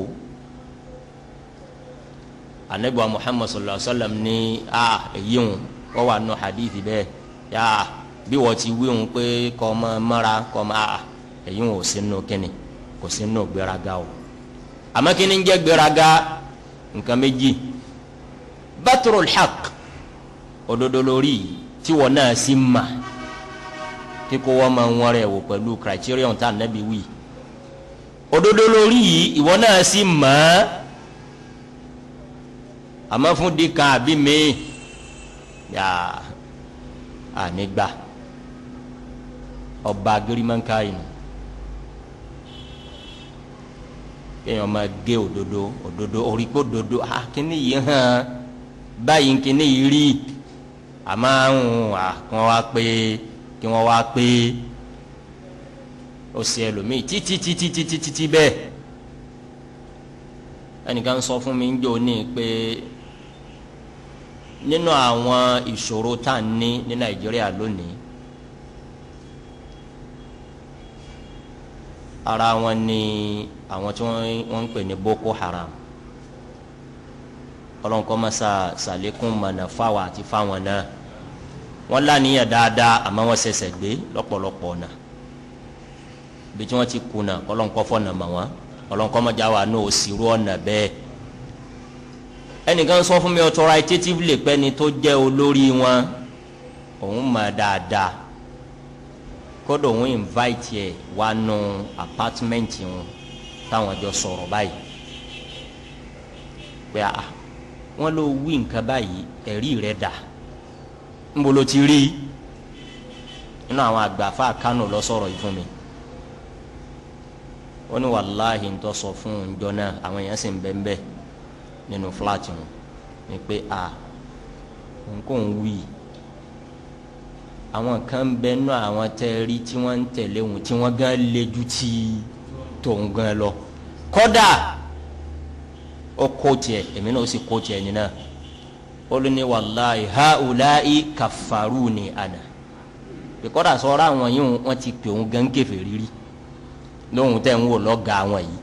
anabi wa muhammad sallallahu alaihi wa sallam ní a èyí ń wọ́n wà nù hadithi bẹ́ẹ̀ yà á bí wọ́n ti wí ń pé kọ́ ọmọ mọ́ra kọ́ ọmọ a èyí ń ò sí nù kíni kò sí nù gbéraga o àmọ́ kíni ń jẹ́ gbéraga nǹkan méjì batrul haq òdodo lórí tiwọ náà sì máa kíkó wọn máa ń wọn rẹ̀ wò pẹ̀lú criterion tá nẹ́bi wí òdodo lórí yìí ìwọ náà sì mọ̀ ọ́ àmọ́ fún dika àbí mi yà á ọba agirimanka yìí kéèyàn máa gé òdodo òdodo orí kó dodo ah kíní yìí hàn báyìí kíní yìí rí àmọ́ àwọn àkànwá pé kí wọ́n wá pé ó ṣe ẹlòmíì títí títí títí títí bẹ́ẹ̀ ẹnìkan sọ fún mi ń jò ní pé nínú àwọn ìṣòro tá à ń ní ní Nàìjíríà lónìí ara wọn ni àwọn tí wọ́n ń pè ní Boko Haram ọlọ́nkọ́ mọ́sá sàlékún mọ̀nà fáwọn àti fáwọn náà wọ́n láníyàn dáadáa àmọ́ wọ́n ṣẹ̀ṣẹ̀ gbé lọ́pọ̀lọpọ̀ ọ̀nà bí tí wọ́n ti kùnà kọ́lọ́nkọ́ fọ̀nà mọ̀ wọ́n kọ́lọ́nkọ́ mọ̀já wa ní òsirú ọ̀nà bẹ́ẹ̀ ẹnìkan sọ fún mi authoritatively pé ni tó jẹ́ olórí wọn òun mọ̀ dáadáa kódò òun invite ẹ̀ wá nu apartment wọn táwọn jọ sọ̀rọ̀ báyìí pé ah wọ́n ló wí nǹkan báyìí ẹ̀rí rẹ̀ dáa níbo ló ti rí inú àwọn àgbàfà kánò lọ sọ̀rọ̀ yìí mi ó ní wàláhì ń tọ́ sọ fún ìjọ náà àwọn èèyàn sì ń nínú ni pé a nǹkan wí àwọn kan ń bẹ nú àwọn tẹ́ rí tí wọ́n ń tẹ̀lé wọn tí wọ́n gan lejú tí tòun gan lọ kódà ó kó tiẹ̀ èmi náà ó sì kó olu ni wàllayi haulayi kafaru ni ana àwọn yìí wọ́n ti pè òun gan kẹfẹ́ lóhun tẹ̀ ń wò àwọn yìí.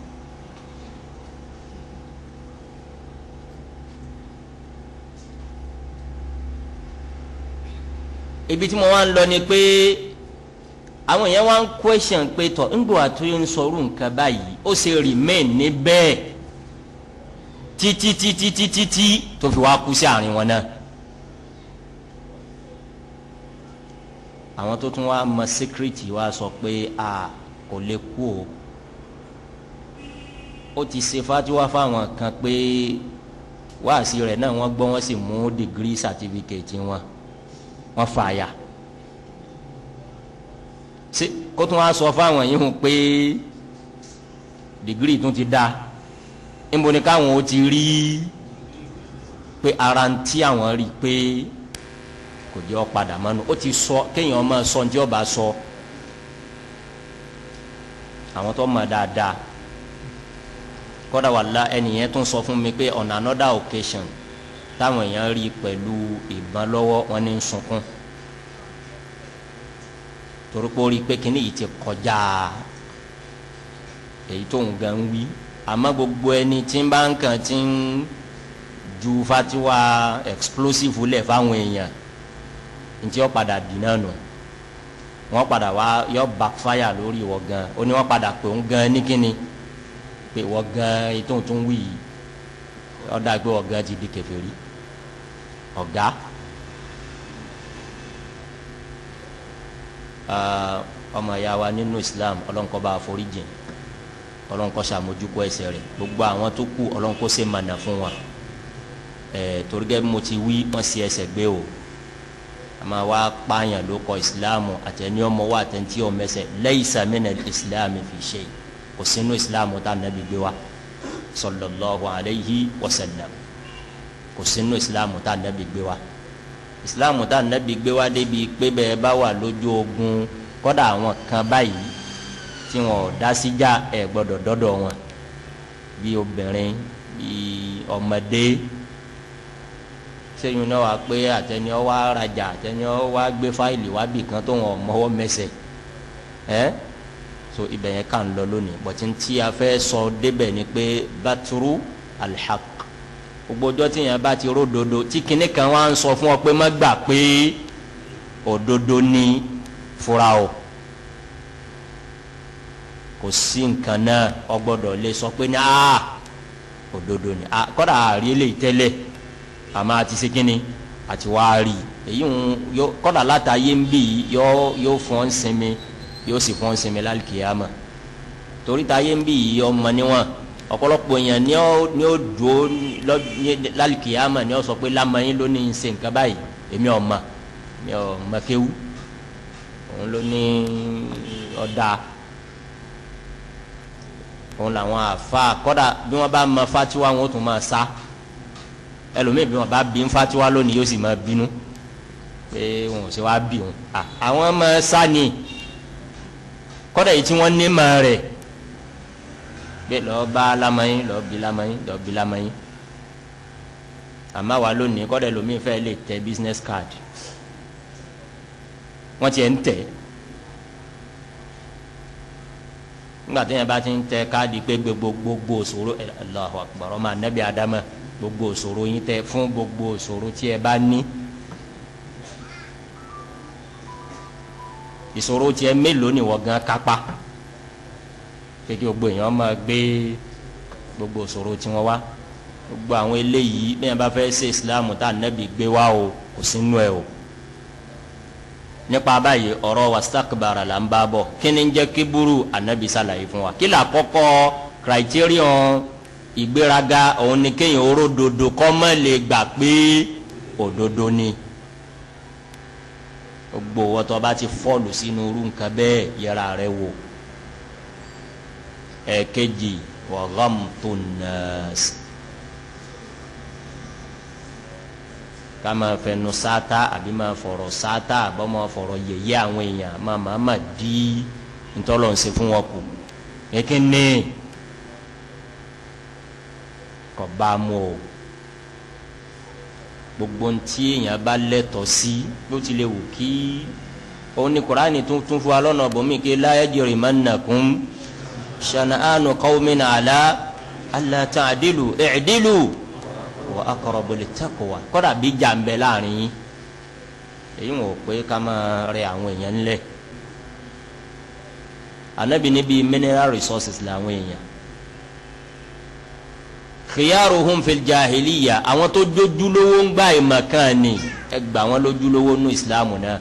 ibi tí mo wá ń lọ ni pé àwọn yẹn wá ń question pé tọ̀ ń ń nǹkan báyìí ó ṣe títítítítítí tó fi wá kú sí àárín wọn náà. àwọn tó tún wá mọ síkírìtì wá sọ pé a kò lè kú o ó ti ṣe fatiwa fáwọn kan pé wáàsí rẹ̀ náà wọ́n gbọ́ wọ́n sì mú dìgírí sàtífíkẹ̀tì wọn wọ́n fààyà kó tún wá sọ fáwọn yìí hùn pé dìgírí tún ti dáa níbo ni káwọn ó ti rí pé ara ń tí àwọn rí pé kò jẹ́ ọ padà mọ́nu ó ti sọ kéèyàn máa sọ ní ọba sọ àwọn tó mọ̀ dáadáa kódà wàlá ẹnìyẹn tún sọ fún mi pé on another occasion táwọn èèyàn rí pẹ̀lú ìbọn lọ́wọ́ wọn ní sunkún torí pé ó rí i pé kíní yìí ti kọjá èyí tóun gan wí àmọ́ gbogbo ẹni tí ń bá ń kàn tí ń ju fatiwa explosive lẹ̀ fáwọn èèyàn ntí wọ́n padà dì náà nù wọ́n padà wá yọ backfire lórí ìwọ gan ó ní wọ́n padà pè ń gan ní kíni pé ìwọ gan ètò tó ń wí yìí ọ̀dà pé ìwọ gan ti di kèfèrí ọ̀gá. ọmọ ìyá wa nínú Islam ọlọ́nkọ́ bá forí jìn ọlọ́run kó ṣàmójúkọ ẹsẹ̀ rẹ̀ gbogbo àwọn tó kù ọlọ́run kó ṣe mànà fún wa ẹ̀ eh, torí gẹ́gẹ́ mo ti wí wọ́n ṣe ẹsẹ̀ gbé o àmọ́ wa pààyàn ló kọ ìsìláàmù àtẹni ọmọ wa àtẹntí ọmọ ẹsẹ laysa min al-islami fi shay kò sínú ìsìláàmù tá a nàbí gbé wa sallallahu alayhi wa sallam kò sínú ìsìláàmù tá a nàbí gbé wa ìsìláàmù tá a nàbí gbé wa débi pé bẹ́ẹ̀ bá wà lójú ogun kọ́dà àwọn kan báyìí tí wọn ò dá síjà ẹ gbọ́dọ̀ dọdọ wọn bí obìnrin bí ọmọdé sẹyìn náà wà pé àtẹni ọ wá rajà àtẹni ọ wá gbé fáìlì wá bì kan tó wọn mọwọ mẹsẹ ẹ so ibẹ yẹn kà ń lọ lónìí bọtí tí a fẹ sọ débẹ ni pé baturu alhaq gbogbo ọjọ́ tí yẹn bá ti ródodo tí kinní kan wá ń sọ fún ọ pé má gbà pé òdodo ni fura o kò sí nǹkan náà ọgbọ́dọ̀ lè sọ pé ní aa òdodo ni a kọ́dà àárí eléyìí tẹ́lẹ̀ àmọ́ àti ṣe kínni àti wàá rí èyí ń kọ́dà látàyé ń bì yóò yóò fún ọ́n sinmi yóò sì fún ọ́n sinmi lálùkìyàmà torí táyé ń bì yìí ọmọ níwọ̀n ọ̀pọ̀lọpọ̀ èèyàn ni ó ni ó dùn ó lálùkìyàmà ni ó sọ pé lámọ̀yìn ló ní ṣe nǹkan báyìí èmi ọ̀ma mi ò mọ̀ kéwú òun ló ní ọ̀dà òun làwọn àfa kọ́dà bí wọ́n bá mọ fatiwa wọn ó tún máa sá ẹlòmíì bí wọ́n bá bí fatiwa lónìí yóò sì máa bínú pé wọn ò ṣe wá bí wọn àwọn máa sá ni kọ́dà yìí tí wọ́n ní máa rẹ̀ pé lọ́ọ́ bá lamọ́yìn lọ́ọ́ bí lamọ́yìn lọ́ọ́ bí lamọ́yìn àmọ́ wa lónìí kọ́dà ẹlòmíì fẹ́ lè tẹ business card wọ́n ti ń tẹ̀ nígbà tí yẹn bá ti ń tẹ káàdì pé gbogbo òṣòro Allahu Akbar ọmọ anabi adama gbogbo òṣòro yín tẹ fún gbogbo òṣòro tí ẹ bá ní. ìṣòro tiẹ̀ mélòó ni wọ́n gan kápá kékeré gbogbo èèyàn máa gbé gbogbo ìṣòro tí wọ́n wá gbogbo àwọn eléyìí bẹ́ẹ̀ bá fẹ́ ṣe Islam tá anabi gbé wá o kò sínú ẹ o nípa báyìí ọ̀rọ̀ wasakbara la ń bá bọ̀ kí ni ń jẹ́ kíburu anabi sàlàyé fún wa kí la kọ́kọ́ criterion ìgbéraga òun ni kéèyàn oró dodo kọ́ mọ́ lè gbà pé òdodo ni gbogbo wọ́tọ̀ bá ti fọ́ọ̀lù sínú irú nǹkan bẹ́ẹ̀ yẹra rẹ wò ẹ̀ẹ́kejì wa ghamtun nas. ká máa fẹnu sáátá àbí máa fọ̀rọ̀ sáátá àbọ̀ máa fọ̀rọ̀ yẹ̀yẹ́ àwọn èèyàn máa máa máa dí ntọ́lọ̀ ń ṣe fún wọn kù kékeré ní kò bá a mú o gbogbo ntí èèyàn bá lẹ́tọ̀ọ́ sí ló ti lè wù kí òun ni kuraani tuntun fún wa lọ́nà bòmí kí láyájú rè má nàkún ṣànà àánú kọ́wọ́mí àlá àlá tàdílù ẹ̀ẹ́dílù wa aqrabu littaqwa kọ́dà bí jàǹbẹ̀ láàrin yín èyí wọn ò pé ká máa rẹ àwọn èèyàn ńlẹ̀ anabi níbi mineral resources làwọn èèyàn khiyaruhum fil jahiliya àwọn tó dójúlówó ń gbà ìmọ̀ ni ẹ gbà wọn lójúlówó nú ìsìláàmù náà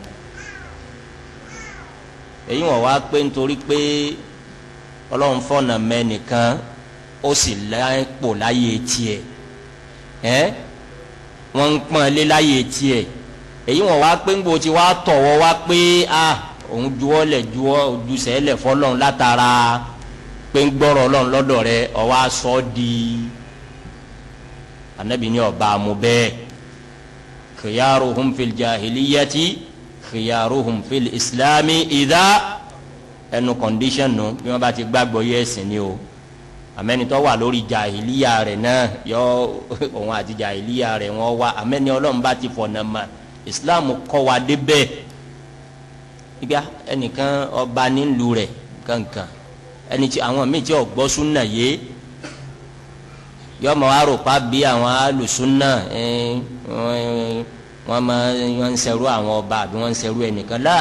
èyí wọn wá pé nítorí pé ọlọ́run fọ̀nà mẹ́nìkan ó sì láìpò láyé tiẹ̀ ẹ wọn ń pọn lé láyé tiẹ̀ èyí wọn wá pé ńgbò tí wàá tọwọ wá pé a òun juwọ lẹ juwọ ojúṣe lẹ fọ́lọ́run látara pé ń gbọrọ Ọlọ́run lọ́dọ̀ rẹ̀ ọwọ asọ di anabi ni ọba mu bẹ́ẹ̀ khiyaruhum fil jahiliyati khiyaruhum fil islami idha ẹnu kọndíṣẹ̀nù bí wọ́n bá ti gbàgbọ́ yẹ ni o amẹnitọ́ wà lórí jahiliya rẹ̀ náà yọ òun àti jahiliya rẹ̀ wọ́n wá amẹni ọlọ́run bá ti fọ̀nà mà islam kọ́ wa débẹ̀ gbígbá ẹnìkan ọba nílùú rẹ̀ kankan ẹni tí àwọn míì tí ò gbọ́ súnà yé yọmọ wa rò pa bí àwọn alùsúnà wọn máa wọn ń ṣerú àwọn ọba àbí wọn ń ṣerú ẹnìkan lá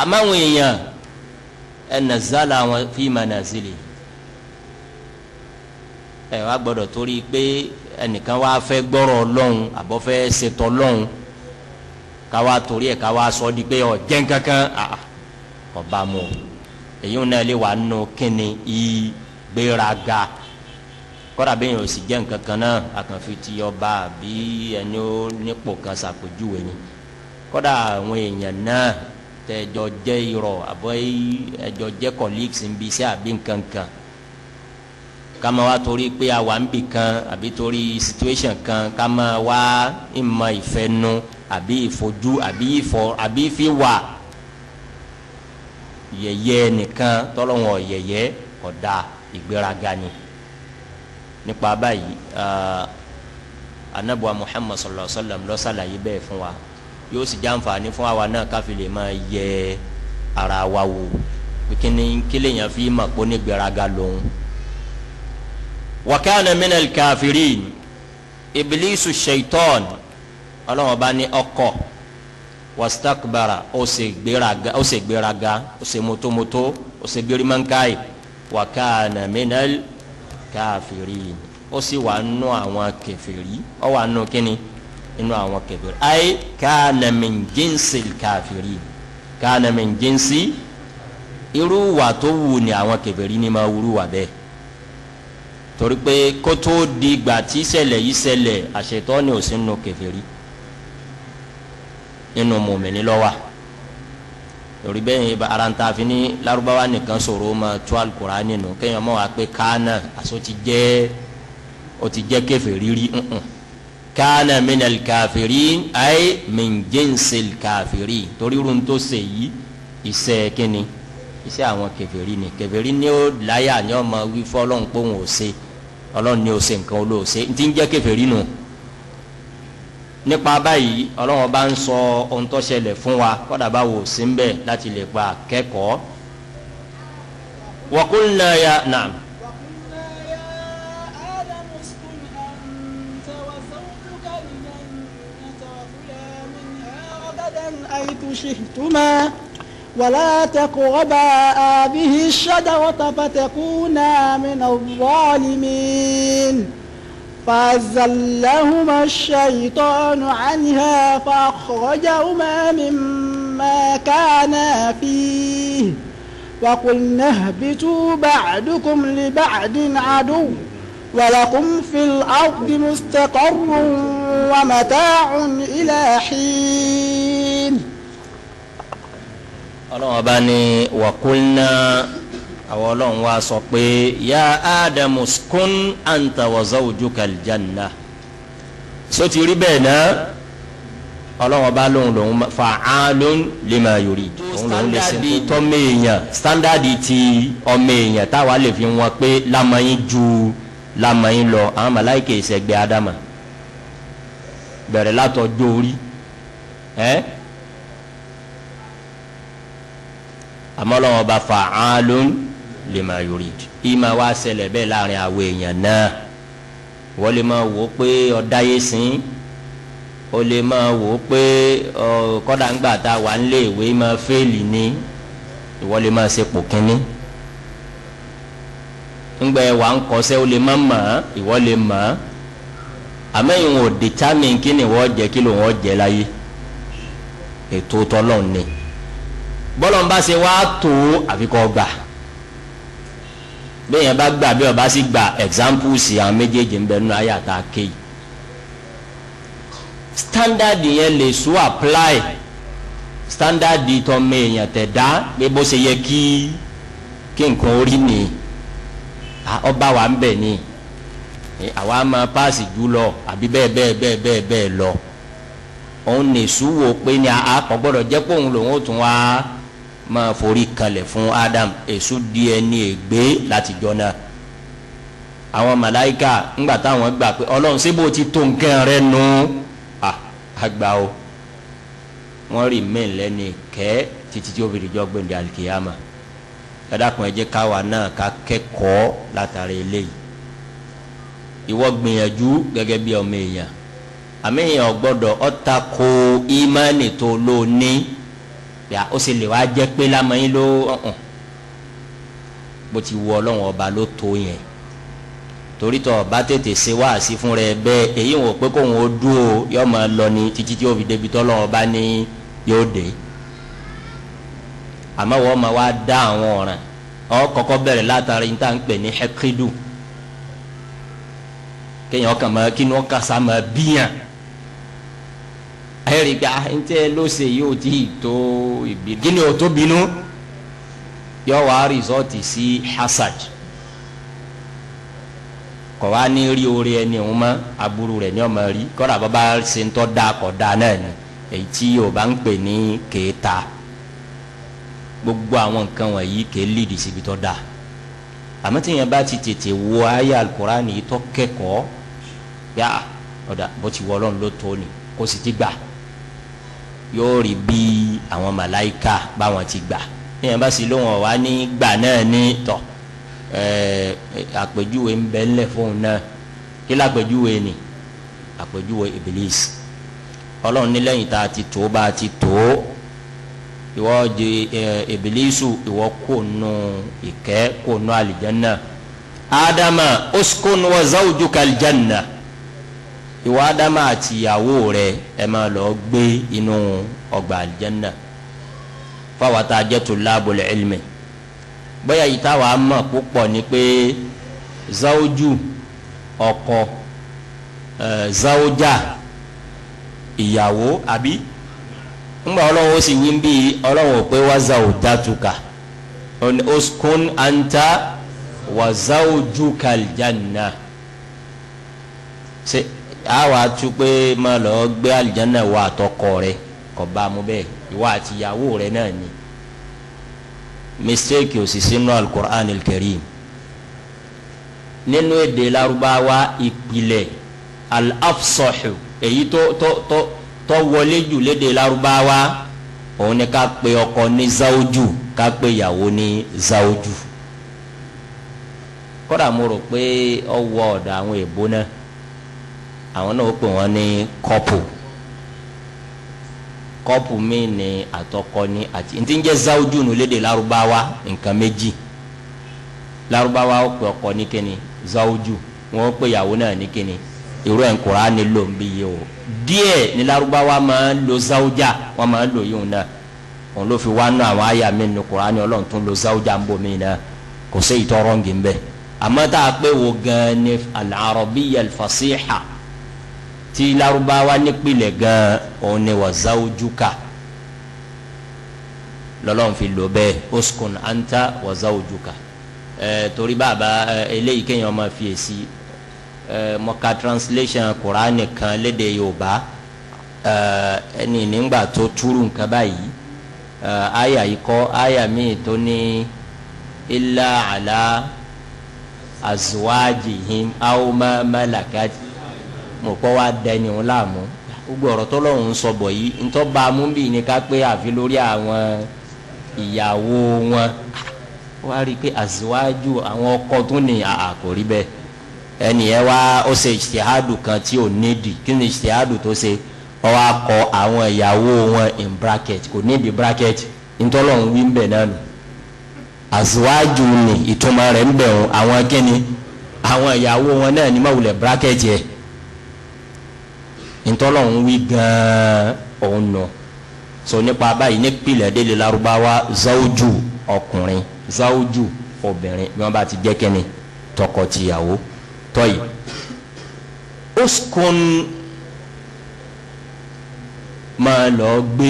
àmọ́ àwọn èèyàn ẹ̀ nàzàlà wọn fi mà nàzìlì ẹ wá gbọ́dọ̀ torí pé ẹnìkan wá fẹ́ gbọ́rọ̀ Ọlọ́run àbọ̀ fẹ́ ṣètò Ọlọ́run káwa torí ẹ káwa sọ di pé ọjẹ kankan ọba mu èyí náà lè wà nù kíni ìgbéraga kọ́ra bẹ́ẹ̀ yẹn ò sì jẹ́ nǹkan náà àkànfi ti ọba àbí ẹni ó nípò kan ṣàpèjúwe ni kọ́ra àwọn èèyàn náà tẹ́jọ jẹ́ irọ́ àbọ̀ ẹjọ jẹ́ colleagues ń bí iṣẹ́ àbí nǹkan Kama máa wá torí pé a wà ń bì kan àbí torí situation kan ká máa wá ìmọ̀ ìfẹ́ nu àbí ìfojú àbí ìfọ àbí ìfiwà yẹ̀yẹ́ nìkan tọ́lọ́wọ̀n yẹ̀yẹ́ ọ̀dà ìgbéraga ni nípa báyìí anabuwa muhammad sallallahu alaihi wa sallam ló ṣàlàyé bẹ́ẹ̀ fún wa yóò sì já nfààní fún àwa náà káfí lè máa yẹ ara wa wò kíni kílè yẹn fi mà pé ní gbéraga lòun wakana minal kafirin ibilisu shaitan ọlọ́wọ́n bá ní ọkọ̀ wastakbara ó ṣe gbéraga ó ṣe gbéraga ó ṣe motomoto ó ṣe gbérimankai wakana minal kafirin ó sì wà nù àwọn kẹfìrí ó wà nù kínní inú àwọn kẹfìrí ayé kana min jinsi kafirin kana min jinsi irú wà tó wù ní àwọn kẹfìrí ni máa wúru wà bẹ́ẹ̀ torí pé kó tó di ìgbà tí ìṣẹ̀lẹ̀ yìí ṣẹlẹ̀ àṣetọ́ ni ò sí nínú kèfèrí nínú mùmíní lọ́wọ́ torí bẹ́ẹ̀ yẹn ara ń ta fi ní Lárúbáwá nìkan sọ̀rọ̀ ma tó alukura nínú kéèyàn mọ̀ wá pé kánà àṣọ ti jẹ́ ó ti jẹ́ kèfèrí rí nǹkan kánà minal kàfèrí ay min jinsil torí irun tó ṣe yìí iṣẹ́ kínni iṣẹ́ àwọn kèfèrí ni kèfèrí ni ó láyà ni ó ma wí fọ́lọ́n pé òun ò ṣe ọlọ́run ni ó ṣe nǹkan olóòṣe ní ti ń jẹ́ kèfèrí nù nípa báyìí ọlọ́run bá ń sọ ohun tó ṣẹlẹ̀ fún wa kọ́dà bá wò sí mbẹ́ láti lè pa akẹ́kọ̀ọ́ wa qulna ya na'am. ولا تقربا به الشجرة فتكونا من الظالمين فأزلهما الشيطان عنها فأخرجهما مما كانا فيه وقلنا اهبطوا بعدكم لبعد عدو ولكم في الأرض مستقر ومتاع إلى حين ọlọ́run ọba ní wàkúnná àwọn ọlọ́run wa sọ pé ya ádámù skún àǹtà wa zawjuka aljanna sotí rí bẹ́ẹ̀ náà ọlọ́run ọba lóhùn lòún fa'alun lima yurid òun lòún lè sẹ́kọ̀ọ́ standard tọ́mọ èèyàn standard ti ọmọ èèyàn táwa lè fi wọn pé lamọ̀yin ju lamọ̀yin lọ àwọn màláìkè ìṣẹ̀gbẹ́ ádámà bẹ̀rẹ̀ látọjọ́ orí ẹ́ eh? amọlọwọ bá fa'alun lima yurid ìmà wa ṣẹlẹ̀ bẹ́ẹ̀ láàrin àwọn èèyàn náà wọ́n lè máa wò ó pé ọ̀dá yé sìn ó lè máa wò ó pé kọ́dà ńgbà tá a wà ń lé ìwé máa fẹ́ẹ̀lì ni ìwọ́n lè máa ṣe pò kínní ńgbà wà ń kọsẹ́ ó lè má mọ̀ ọ́ lè mọ̀ àmẹ́yìn ò determine kí ni wọ́n jẹ́ kí ló wọ́n jẹ́ láyé ètò tọ́lọ́ ni bọ́lọ̀ ń bá ṣe wá tó àfikọ́ gbà bẹ́ẹ̀ yẹn bá gbà bí ọba sì gba examples àwọn méjèèjì ń bẹ nínú ayé àtà kéyì standard yẹn lè so apply standard tọmọ èèyàn tẹ̀ dá pé bó ṣe yẹ kí kí nǹkan orí ni ọba wa ń bẹ ni àwa máa paasi jù lọ àbí bẹ́ẹ̀ bẹ́ẹ̀ bẹ́ẹ̀ bẹ́ẹ̀ bẹ́ẹ̀ lọ òun nìṣú wo pé ni a kò gbọ́dọ̀ jẹ́ pé òun lòun ò tún wá. ma forí kalẹ̀ fún Adam èso díẹ̀ ní ègbé láti jọ náà àwọn màláìka ńgbà táwọn gbà pé ọlọ́run síbò ti tó nǹkan rẹ nù àgbà o wọ́n rí mẹ́rin lẹ́ni kẹ́ títí tí ó fi dìjọ́ gbẹ̀ndẹ̀ àlìkìyàmà dadakun ẹ jẹ́ káwa náà ká kẹ́kọ̀ọ́ gẹ́gẹ́ bí ọmọ èèyàn àmì èèyàn gbọ́dọ̀ yà ó sì lè wá jẹ́ pé lámọ̀yìn ló hàn bó ti wọ ọlọ́run ọba ló tó yẹn torí tọ bá tètè ṣe wáàsí fún rẹ bẹ́ẹ̀ èyí wò pé kóun ó o yọ mọ lọ ni títí tí ó fi débi tọ́lọ́run ọba ní yóò dé àmọ́ wọ́n ma wá dá àwọn ọ̀ràn ọ kọ́kọ́ bẹ̀rẹ̀ látàrí níta ń pè ní hẹ́kídù kéèyàn kàn máa kí ni wọ́n kà sá máa bíyàn ẹ̀rìgà ńtẹ́ ah, ló ṣe yóò tí ì tó ìbínú kí ni ò tó bínú yọ wá rìsọ́ọ̀tì sí hasad kọ̀ wá ní rí orí ẹni òun mọ́ aburú rẹ̀ ní ọmọ rí kọ́ra bàbá ṣe ń tọ́ da kọ̀ da náà ni èyí tí yóò bá ń pè ní kéèta gbogbo àwọn nǹkan wọ̀nyí kéè lídìí síbi tọ́ da àmọ́ tí yẹn bá ti tètè wo ayé alukóra nìyí tọ́ kẹ́kọ̀ọ́ yá ọ̀dà bó ti wọ ọlọ́run ló tó ni kó sì ti gbà yóò rí bí àwọn màláìka báwọn ti gbà ní yẹn bá sì lóun ọ̀wá ní gbà náà ní tọ̀ àpèjúwe ń bẹ ńlẹ̀ fóun náà kí lápèjúwe ni àpèjúwe Iblis ọlọ́run ní lẹ́yìn tá a ti tó bá a ti tó ìwọ di Iblisu ìwọ kò nù ìkẹ́ kò nù àlìjánná Ádámà uskun wa zawjuka àlìjánná. ìwà ádámà àti ìyàwó rẹ̀ ẹ gbe lọ gbé inú ọgbà àlìjẹ́nà fáwọn tá a jẹ́ tó láàbùl ilmi bóyá yìí táwa mọ̀ ni pé záwójú ọkọ záwójà ìyàwó àbí ńgbà ọlọ́wọ́ sì yín bí ọlọ́wọ́ pé wá záwójà tuka oskun anta wa záwójú kàljanna. àwa tu pé má lọ gbé àlìjáná wa àtọkọ rẹ kọ bá mu bẹ́ẹ̀ ìwọ àti ìyàwó rẹ náà ni mistake ò sínú alukur'an karim nínú èdè Lárúbáwá ìpìlẹ̀ al-afsahu èyí tó tó tó tó wọlé jù lédè Lárúbáwá òun ni ká pe ọkọ ní zawju ká pe ìyàwó ní zawju kódà mo rò pé ọwọ́ ọ̀dọ̀ àwọn èèbó náà àwọn náà ó pè wọ́n ní kọ́pù kọ́pù mi ni àtọkọ ni àti ntí ń jẹ́ záwùjú nu léde lárúbáwá nǹkan méjì lárúbáwá ó pè ọkọ ní kíni záwùjú wọn ó pè ìyàwó náà ní kíni irú ẹ̀ ń kura ni ló ń bí yìí o díẹ̀ ni lárúbáwá máa ń lo záwùjá wọn máa ń lo yìí náà òun ló fi wá nù àwọn àyà mi nu kura ni ọlọ́run tún lo záwùjá ń bò mí náà kò sí ìtọ́rọ̀ ń gé àmọ́ tá a pé wo gan ni al-arabiyya al-fasiha. al arabiyya al tí Lárúbáwá nípìnlẹ̀ gan òun ni wà záwójúkà lọ́lọ́run fi lò bẹ́ẹ̀ oskun anta wà záwójúkà ẹ torí bàbá eléyìí kéèyàn máa fi èsì ẹ mọ̀ká translation kuraani kan léde Yorùbá ẹni nígbà tó túrú nǹkan báyìí àyà yìí àyà míì tó ní ilà àlà azuwajihim aw ma malakat mo kọ́ wa dẹni òun láàmú gbogbo ọ̀rọ̀ tó lọ́hùn sọ bọ̀ yìí mú bí ká pé àfi lórí àwọn ìyàwó wọn wá rí pé àwọn ọkọ tó ní àkò rí bẹ́ẹ̀ ẹnì yẹn wá ó ṣe kan tí ò nídìí kí ni tó kọ àwọn ìyàwó wọn in bracket kò bracket wí ni ìtumọ̀ rẹ̀ ń bẹ̀ wọn àwọn kíni àwọn ìyàwó wọn náà bracket yẹn. ntọ́lọ́hún wí gan-an òun nù so nípa báyìí nípìnlẹ̀ délé Lárúbáwá zawuju ọkùnrin zawuju obìnrin bí wọ́n bá ti jẹ́ kẹ́ni tọkọtìyàwó tọ́yì uskun máa lọ gbé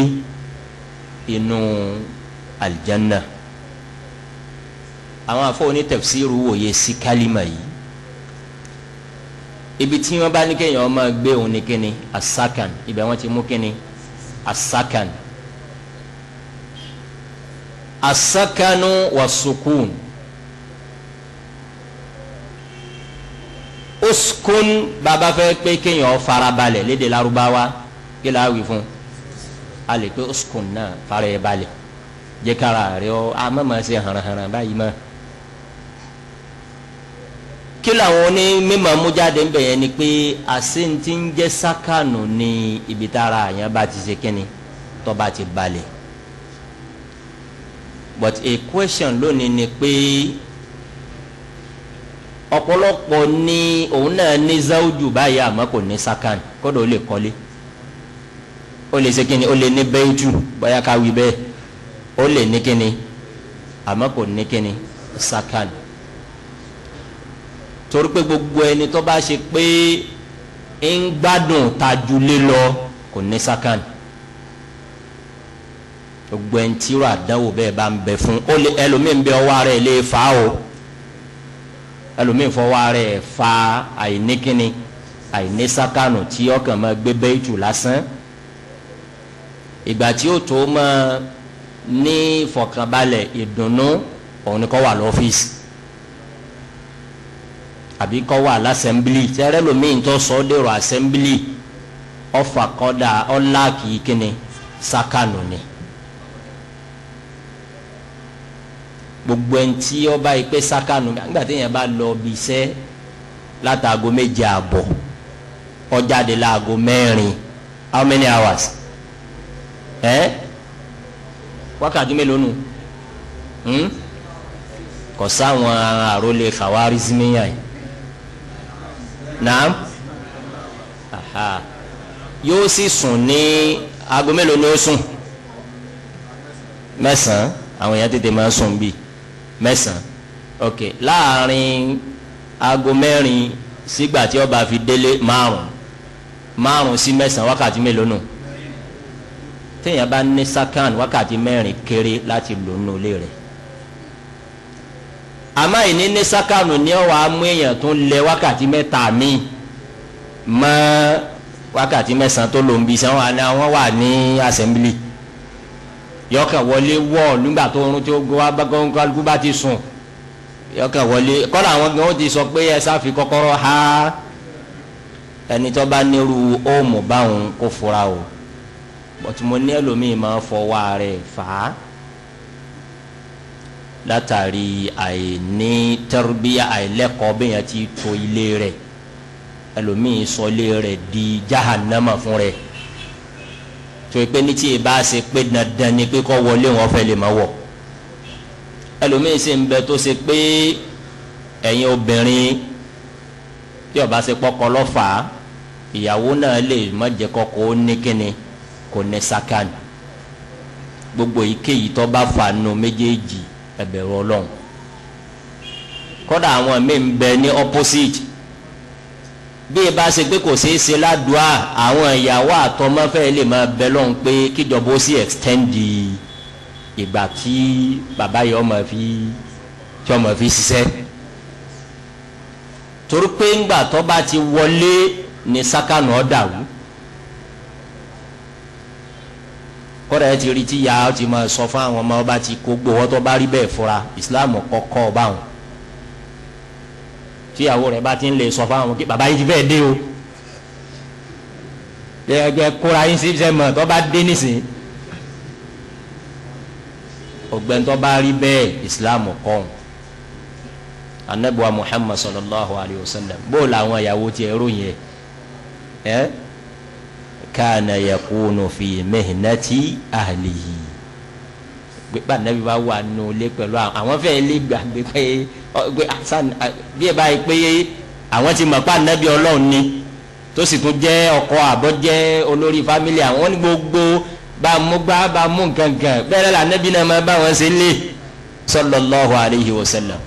inú aljanna àwọn afọ onítẹ̀fsíru wòye sí kálímà yìí ibi tí wọn bá ní kéèyàn ọmọ gbé òun ní kíni asakan ibẹ̀ wọn ti mú kíni asakan asakanu wa sukun uskun baba fẹ́ pé kéèyàn farabalẹ̀ lédè larubawa kí la wí fún a pé uskun náà farabalẹ̀ jẹ́ kára rẹ̀ ọ amẹ́mọ̀ ṣe hànrànhànràn báyìí mọ́ kí làwọn ní mímọ mújáde ń bẹ yẹn ni pé àṣẹ ti ń jẹ́ sákànù ní ibi tára àyàn bá ti ṣe kínni tó bá ti balẹ̀ but a question lónìí ni pé ọ̀pọ̀lọpọ̀ ní òun náà ní záwùjù báyìí àmọ́ kò ní sákànù kódà ó lè kọ́lé ó lè ṣe kínni ó lè ní bẹ́ẹ̀jù bóyá ká bẹ́ẹ̀ ó lè ní kínni àmọ́ kò ní kínni sákànù torí pé gbogbo ẹni tó bá ṣe pé ń gbádùn tajulé lọ kò ní sákàn gbogbo ẹni tí irú àdánwò bẹ́ẹ̀ bá ń bẹ fún ó lè ẹlòmíín bẹ ọwọ́ rẹ̀ lè fà o ẹlòmíín fọwọ́ rẹ̀ fa àìníkíni àìní sákànù tí ọkàn máa gbé bẹ́ẹ̀ jù lásán ìgbà tí ó tó máa ní ìfọ̀kànbalẹ̀ ìdùnnú òun ni kò wà lọ́fíìsì àbí kọ́ wà lásẹ̀mbílì tẹ́rẹ́ lomi ń tọ́ sọ dèrò àsẹ̀mbílì ọ̀fà kọ́dà ọ̀là kìí kíni sákànù ni. gbogbo ẹni tí ọba yìí pé sákànù nígbà téèyàn bá lọ bí iṣẹ́ látàgò méje àbọ̀ ọjáde láago mẹ́rin how many hours ẹ wákàtí mélòó nù hmm? kò sáwọn àròlé kàwárí sí yìí. naam aha yóò sì sùn ní aago mélòó ni ó sùn mẹ́sàn-án àwọn èèyàn tètè máa sùn bíi mẹ́sàn-án ok láàrin aago mẹ́rin sígbà tí ó bá fi délé márùn márùn sí mẹ́sàn wákàtí mélòó nù téèyàn bá ní sákàn wákàtí mẹ́rin kéré láti lò nù lé rẹ̀ àmọ́ ìní ní sákànù ní ọ̀wà mú èèyàn tó ń lẹ wákàtí mẹ́ta mi mọ́ wákàtí mẹ́sàn-án tó lò ń bi sàn wọn àwọn wà ní assembly yọkàn wọlé wọ̀ nígbà tó ń tí ó gbọ́ wá gbọ́ngàlùkù bá ti sùn yọkàn wọlé kọ́lá àwọn gan ó ti sọ pé ẹ sáfi kọ́kọ́rọ́ ha ẹni tó bá nírú óòmù báwọn kó fura o bọ̀tùmọ̀ ní ẹlòmíì máa fọwọ́ rẹ̀ fà látàrí àìní tẹrúbíyà àìlẹ́kọ̀ọ́ bẹ́yẹn ti tó ilé rẹ̀ ẹlòmíì sọ ilé di jahannama fún rẹ̀ tó yẹ pé ní tí ìbá ṣe pé dandan ni pé kọ́ wọlé wọn fẹ́ lè má wọ̀ ẹlòmíì sì ń bẹ tó ṣe pé ẹ̀yin obìnrin tí ó bá pọ́kọ lọ́fà ìyàwó náà lè má jẹ́ kọ́kọ́ ó ní kíni kò ní sákàn gbogbo èyíkéyìí tó bá fà nù méjèèjì. No ẹbẹ̀rù ọlọ́run kọ́dà àwọn míì ń bẹ ní opposite bí e bá ṣe pé kò ṣeé ṣe ládùá àwọn ìyàwó àtọmọ́fẹ́ lè máa bẹ lọ́hùn pé kíjọba ó sì extend ìgbà tí bàbá yìí ọmọ fi tí ọmọ fi ṣiṣẹ́ torí pé ńgbà tó bá ti wọlé ní sákànù ọ̀dàwù. kọ́dà ẹ ti rí tí ya ọ ti máa sọ fún àwọn ọmọ ọba ti kó gbowó tó bá rí bẹ́ẹ̀ fura Islam kọ́kọ́ ọba wọn tíyàwó rẹ̀ bá ti ń lè sọ fún àwọn kí bàbá yìí ti fẹ́ dé o ẹgbẹ́ kóra yín sí ṣe mọ̀ tó bá dé nísìnyí ọgbẹ́ni tó bá rí bẹ́ẹ̀ Islam kọ́ ọ̀hún anabuwa Muhammad sallallahu alayhi wa sallam bó làwọn ìyàwó tiẹ̀ ròyìn ẹ̀ ẹ́ kana yakunu fi mihnati ahlihi gbẹgbẹ anabi wa wà nù lé pẹ̀lú àwọn fẹẹ lé gbàgbé pé ọgbẹ asan bí ẹ báyìí pé àwọn ti mọ̀ pé anabi Ọlọ́run ni tó sì tún jẹ́ ọkọ àbọ̀ jẹ́ olórí fámìlì àwọn ní gbogbo bá mú gbá bá mú nkankan bẹ́ẹ̀ la anabi náà máa bá wọn ṣe lé sallallahu alayhi wa sallam.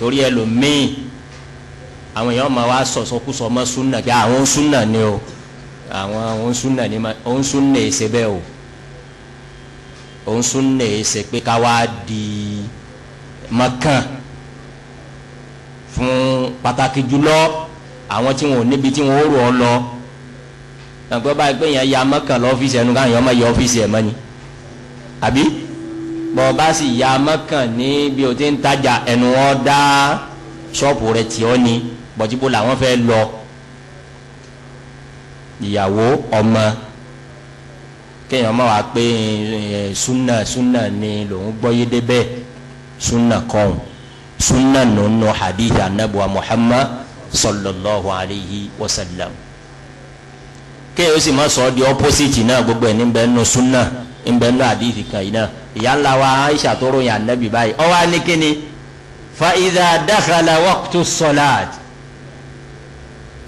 torí ẹlòmíì àwọn èèyàn máa wá sọ̀sọ́kúsọ mọ́ súnà pé àwọn súnà ni o àwọn òun súnà ni ma òun súnà èsè bẹ́ẹ̀ o òun súnà èsè pé ká wá di mọ́kàn fún pàtàkì jùlọ àwọn tí wọn ò níbi tí wọn ò rò ọ lọ àgbẹ̀ báyìí pé yẹn ya mọ́kàn lọ ọ́fíìsì ẹnu káyọ̀ ọmọ yẹ ọ́fíìsì ẹ̀ mọ́ ni àbí bọ́ bá sì ya mọ́kàn ní bí o ti ń tajà ẹnu ọ́ dá ṣọ́ọ̀bù rẹ̀ tì ọ́ ni bọ̀tíbo làwọn fẹ́ lọ ìyàwó ọmọ kéèyàn máa wá pé súnà súnà ni lòun gbọ́yé débẹ̀ súnà kan súnà nùnú hadith anabuwa muhammad sallallahu alayhi wa sallam kéèyàn sì máa sọ ọ́ di opposite náà gbogbo ẹ̀ níbẹ̀ nù súnà níbẹ̀ nù hadith kan yìí náà ìyá ńlá wa aisha tó anabi báyìí ó wá ní kíni fa idha dakhala waqtu salat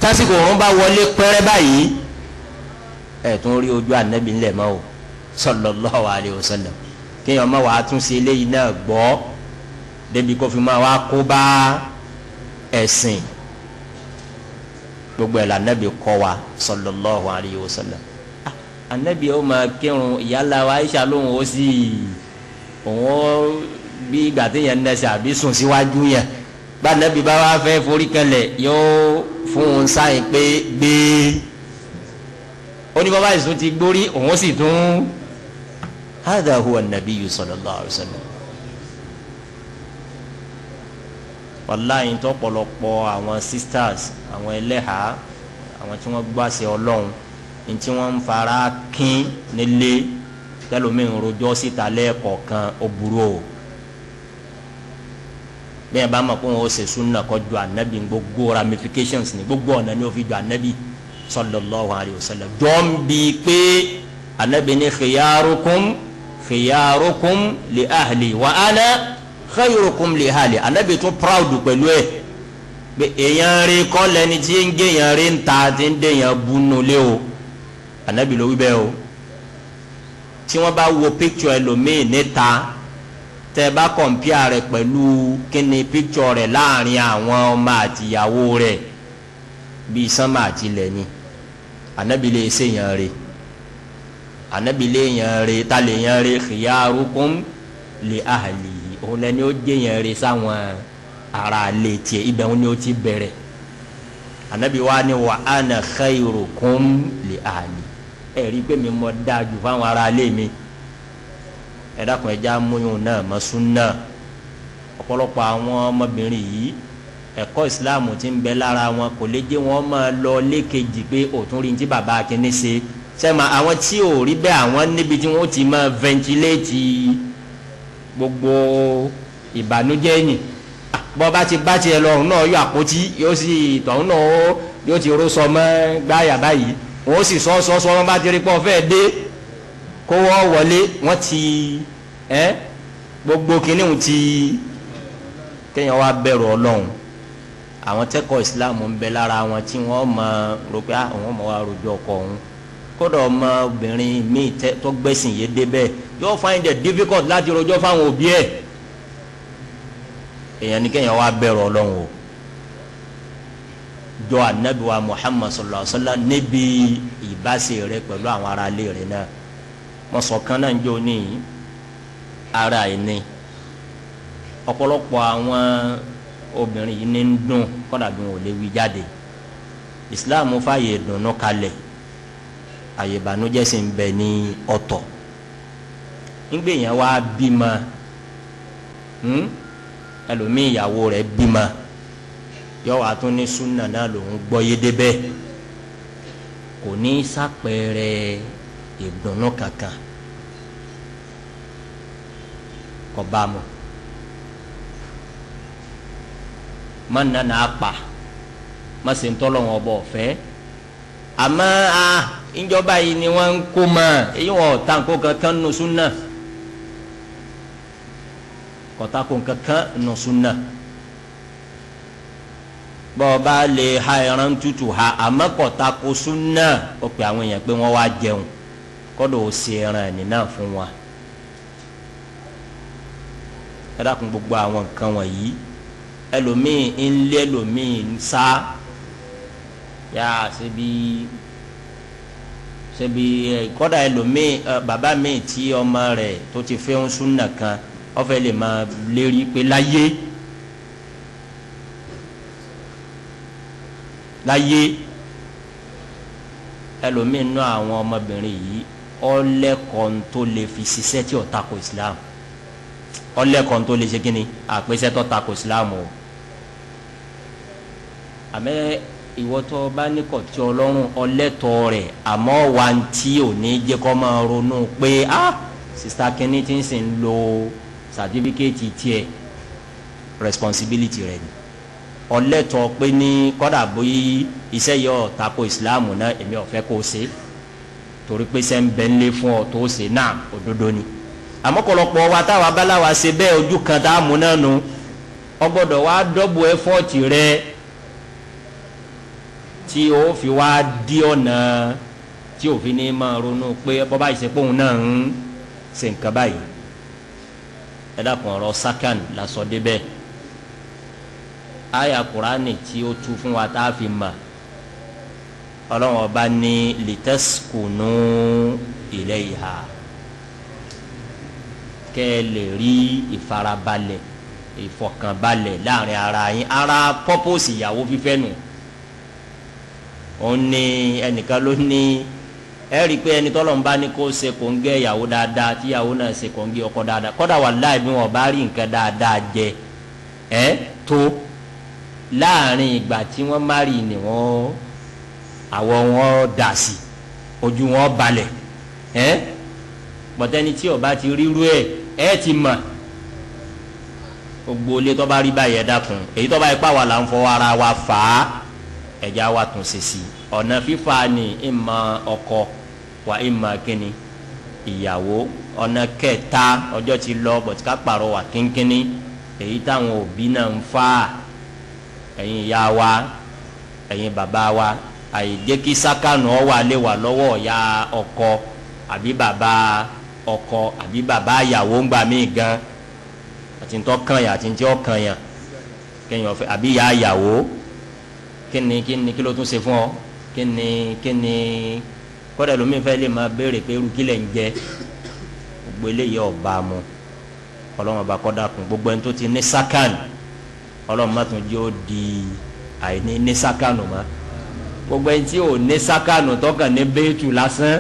tásìkò òun bá wọlé pẹ́rẹ́ báyìí ẹ̀ tún rí ojú ànábì ńlẹ̀ mọ́ o sallallahu alaihi wasallam kéèyàn má wàá tún sí eléyìí náà gbọ́ débi kó fi máa wá kó bá ẹ̀sìn gbogbo ẹ̀ la ànábì kọ́ wa sallallahu alaihi wasallam ah, ànábì ó máa kírun ìyálà wa Aisha lóhùn ó sì òun ó bí ìgbà téèyàn ń dẹsẹ̀ àbí sùn síwájú yẹn gbanabi bá wá fẹ́ forí kalẹ̀ yóò fún un sáyìn pé gbé oníbàbá ìsún ti gbórí òun sì tún hádà huwa nabiyyu sallallahu alaihi wasallam wàláyìn tó pọ̀lọpọ̀ àwọn sisters àwọn ẹlẹ́hà àwọn tí wọ́n gbà sí ọlọ́run ní tí wọ́n ń fara kín nílé tẹ́lómi ń rojọ́ síta lẹ́ẹ̀kọ̀ọ̀kan ó burú o bẹ́ẹ̀ bá mọ̀ pé wọn ó ṣe sunna kọ́ ju anabi gbogbo ramifications ni gbogbo ọ̀nà ni ó fi ju anabi sallallahu alayhi wa sallam jọ́n bi pé anabi ni khiyarukum khiyarukum li ahli wa ana khayrukum li ahli anabi tún proud pẹ̀lú ẹ̀ pé èèyàn rí kọ́ tí ń gé ń ta tí ń dé èèyàn lé o anabi ló wí bẹ́ẹ̀ o tí wọ́n bá wo picture ẹlòmíì níta tẹ bá kọ̀mpíà rẹ̀ pẹ̀lú kíni píkṣọ rẹ̀ láàrin àwọn ọmọ àtìyàwó rẹ̀ bíi sánmà àtìlẹ̀ ni ànábìlẹ̀ ẹsẹ̀ yẹn rẹ̀ ànábìlẹ̀ yẹn rẹ̀ talẹ̀ yẹn rẹ̀ khiyarukum li ahli òun lẹni ó jẹ́ yẹn rẹ̀ sáwọn ara lè tiẹ̀ ibẹ̀ òun ni ó ti bẹ̀rẹ̀ ànábì wa ni wa ana khayrukum li ahli ẹ̀rí pé mi mọ̀ dáa jù fáwọn ara lé mi ẹ̀dàkùn ẹja múyùn náà mọ́súnà ọ̀pọ̀lọpọ̀ àwọn ọmọbìnrin yìí ẹ̀kọ́ ìsìláàmù ti ń bẹ lára wọn kò lè jẹ́ wọn máa lọ lékejì pé òtún rí ní ti bàbá akíní ṣe sẹ́mà àwọn tí ò rí bẹ́ẹ̀ àwọn níbi tí wọ́n ti máa vẹ́ntiléètì gbogbo ìbànújẹ́ yìí bọ́ba ti bá tiẹ̀ lọ́rùn náà yọ àpótí yóò sì tọ̀hún náà yóò ti ró sọmọ́ gbáyà báyìí wọ́n sì sọ́ sọ́ sọ́ wọn bá ti rí pọ́ fẹ́ẹ́ dé kó wọ́n wọlé wọ́n ti ẹ́ gbogbo kìnìún ti kéèyàn wá bẹ̀rù ọlọ́run àwọn tẹ́kọ̀ọ́ ìsìláàmù ń bẹ lára wọn tí wọ́n mọ rò pé àwọn ah, ọmọ wa rojọ́ ọkọ òun kódà ọmọ obìnrin míì tó gbẹ̀sìn yé débẹ̀ yóò find it difficult láti rojọ́ fáwọn òbí ẹ̀ èèyàn ní kéèyàn wá bẹ̀rù ọlọ́run o jọ anabiwa Muhammad sallallahu alaihi wa sallam níbi ìbáṣe rẹ pẹ̀lú àwọn aráalé rẹ náà. mọ̀sọ̀kan sọ náà ní ara ẹni ọ̀pọ̀lọpọ̀ àwọn obìnrin yìí ní ń dùn kọ́dà bí wọn ò lè wí jáde Islam fààyè dùnú kalẹ̀ àyè ìbànújẹ́ sì ń bẹ ní ọ̀tọ̀ nígbè yẹn wá bímọ hmm, ìyàwó rẹ̀ bímọ ní súnà náà lòún ìdùnnú kankan kò bá mu má nana apà má se ntọ́lọ̀ wọn bọ̀ fẹ́ àmọ́ a ìjọba yìí ni wọ́n ń kó mọ́ èyí wọn ta nǹkan kankan nù súnà kọ́ta kó kankan nù súnà bọ́ọ̀ba lè ha ẹran tútù ha àmọ́ kọ́ta kó súnà ó pe àwọn èèyàn pé wọ́n wá jẹun kọ́dọ̀ ó ṣe ẹran ẹ̀ní náà fún wa ẹ dákun gbogbo àwọn nǹkan wọ̀nyí ẹlòmíì ń lé ẹlòmíì ń sá yá ṣebí ṣebí kọ́dà ẹlòmíì bàbá mi tí ọmọ rẹ̀ tó ti fẹ́ ń súnà kan ọ̀fẹ́ lè máa lérí pé láyé láyé ẹlòmíì nú àwọn ọmọbìnrin yìí ọlẹ́kọ̀ọ́n tó lè fi ṣiṣẹ́ tí ó tako islam ọlẹ́kọ̀ọ́n tó lè ṣe kí ni àpèsè tó tako islam o àmẹ́ ìwọ́tọ́ bá níkọ̀ tí ọlọ́run ọlẹ́tọ̀ rẹ̀ àmọ́ wa ń tí ò ní jẹ́ kọ́ máa ronú pé a sista kínní ti ń sìn lo sàtífíkẹ́ẹ̀tì tiẹ̀ responsibility rẹ̀ ni ọlẹ́tọ̀ pé ní kọ́dà bóyí iṣẹ́ yọ tako islam náà èmi ò fẹ́ kó o ṣe torí pé sẹ́ ń bẹ ń lé fún ọ tó ṣe náà òdodo ni àmọ́ kọ̀lọ̀pọ̀ wa táwa báláwa ṣe bẹ́ẹ̀ ojú kan tá a mú náà nu ọgbọ́dọ̀ wa dọ́bù ẹfọ́ọ̀tì rẹ tí o fi wá dí ọ̀nà tí òfin ní máa ronú pé bọ́bá ìṣẹ́pọ̀hún náà ń ṣe nǹkan báyìí ẹ ọ̀rọ̀ sákàn lásọdébẹ̀ àyà kùránì tí ó tu fún wa tá a fi mọ̀ ọlọ́run ọba ní lìtẹ́sìkùnú ilẹ̀ ìhà kẹ́ ẹ lè rí ìfarabalẹ̀ ìfọ̀kànbalẹ̀ láàrin ara yín ara pọ́pọ́sì ìyàwó fífẹ́ nù òun ní ẹnìkan ló ní ẹ rí i pé ẹni tọ́lọ̀ ń bá ní kó ṣe kò ń gẹ́ ìyàwó dáadáa tí ìyàwó náà ṣe kò ń gẹ́ ọkọ dáadáa kọ́dà wà láì bí wọn bá rí nǹkan dáadáa jẹ ẹ tó láàrin ìgbà tí wọ́n má rí ni wọ́n àwọ̀ wọn dà sí ojú wọn balẹ̀ ẹ́ bọ̀tẹ́ni tí ọba ti ríru ẹ̀ ẹ́ ti mọ̀ gbogbo ilé tó bá rí báyẹn dákun èyí tó bá ipá wà là ara wa fà á ẹ̀já wa tún ṣe sí ọ̀nà fífa ni ìmọ̀ ọkọ wà ìmọ̀ kínní ìyàwó ọ̀nà kẹta ọjọ́ ti lọ bọ̀tí ká pàrọ̀ wà kínkínní èyí táwọn òbí náà ń fà ẹ̀yin ìyá wa ẹ̀yin bàbá wa àìjẹ́ kí sákànù ọ wà lè wà lọ́wọ́ ọ̀ya ọkọ àbí bàbá ọkọ àbí bàbá ìyàwó ń gbà mí gan àti ń tọ́ kàn yàn àti ń tẹ́ ọ kàn yàn kéèyàn fẹ́ àbí ìyá ìyàwó kí ni kí ni kí ló tún ṣe fún ọ kí ni kí ni kọ́dà lómi fẹ́ lè máa béèrè pé irú kí lẹ̀ ń jẹ gbogbo eléyìí ọba mu ọlọ́run ọba kọ́dà kún gbogbo ẹni tó ti ní sákànù ọlọ́run má jẹ́ ó di àìní ní sákànù mọ́ gbogbo ẹni tí ò ní sákànù tọkàn ní bẹ́ẹ̀tù lásán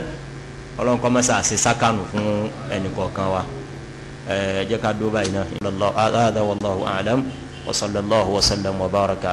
ọlọ́run kọ́ mọ́sá sí sákànù fún ẹnì kọ̀ọ̀kan wa ẹ jẹ́ ká dó báyìí náà. wallahu a'lam wa sallallahu wa sallam wa baraka.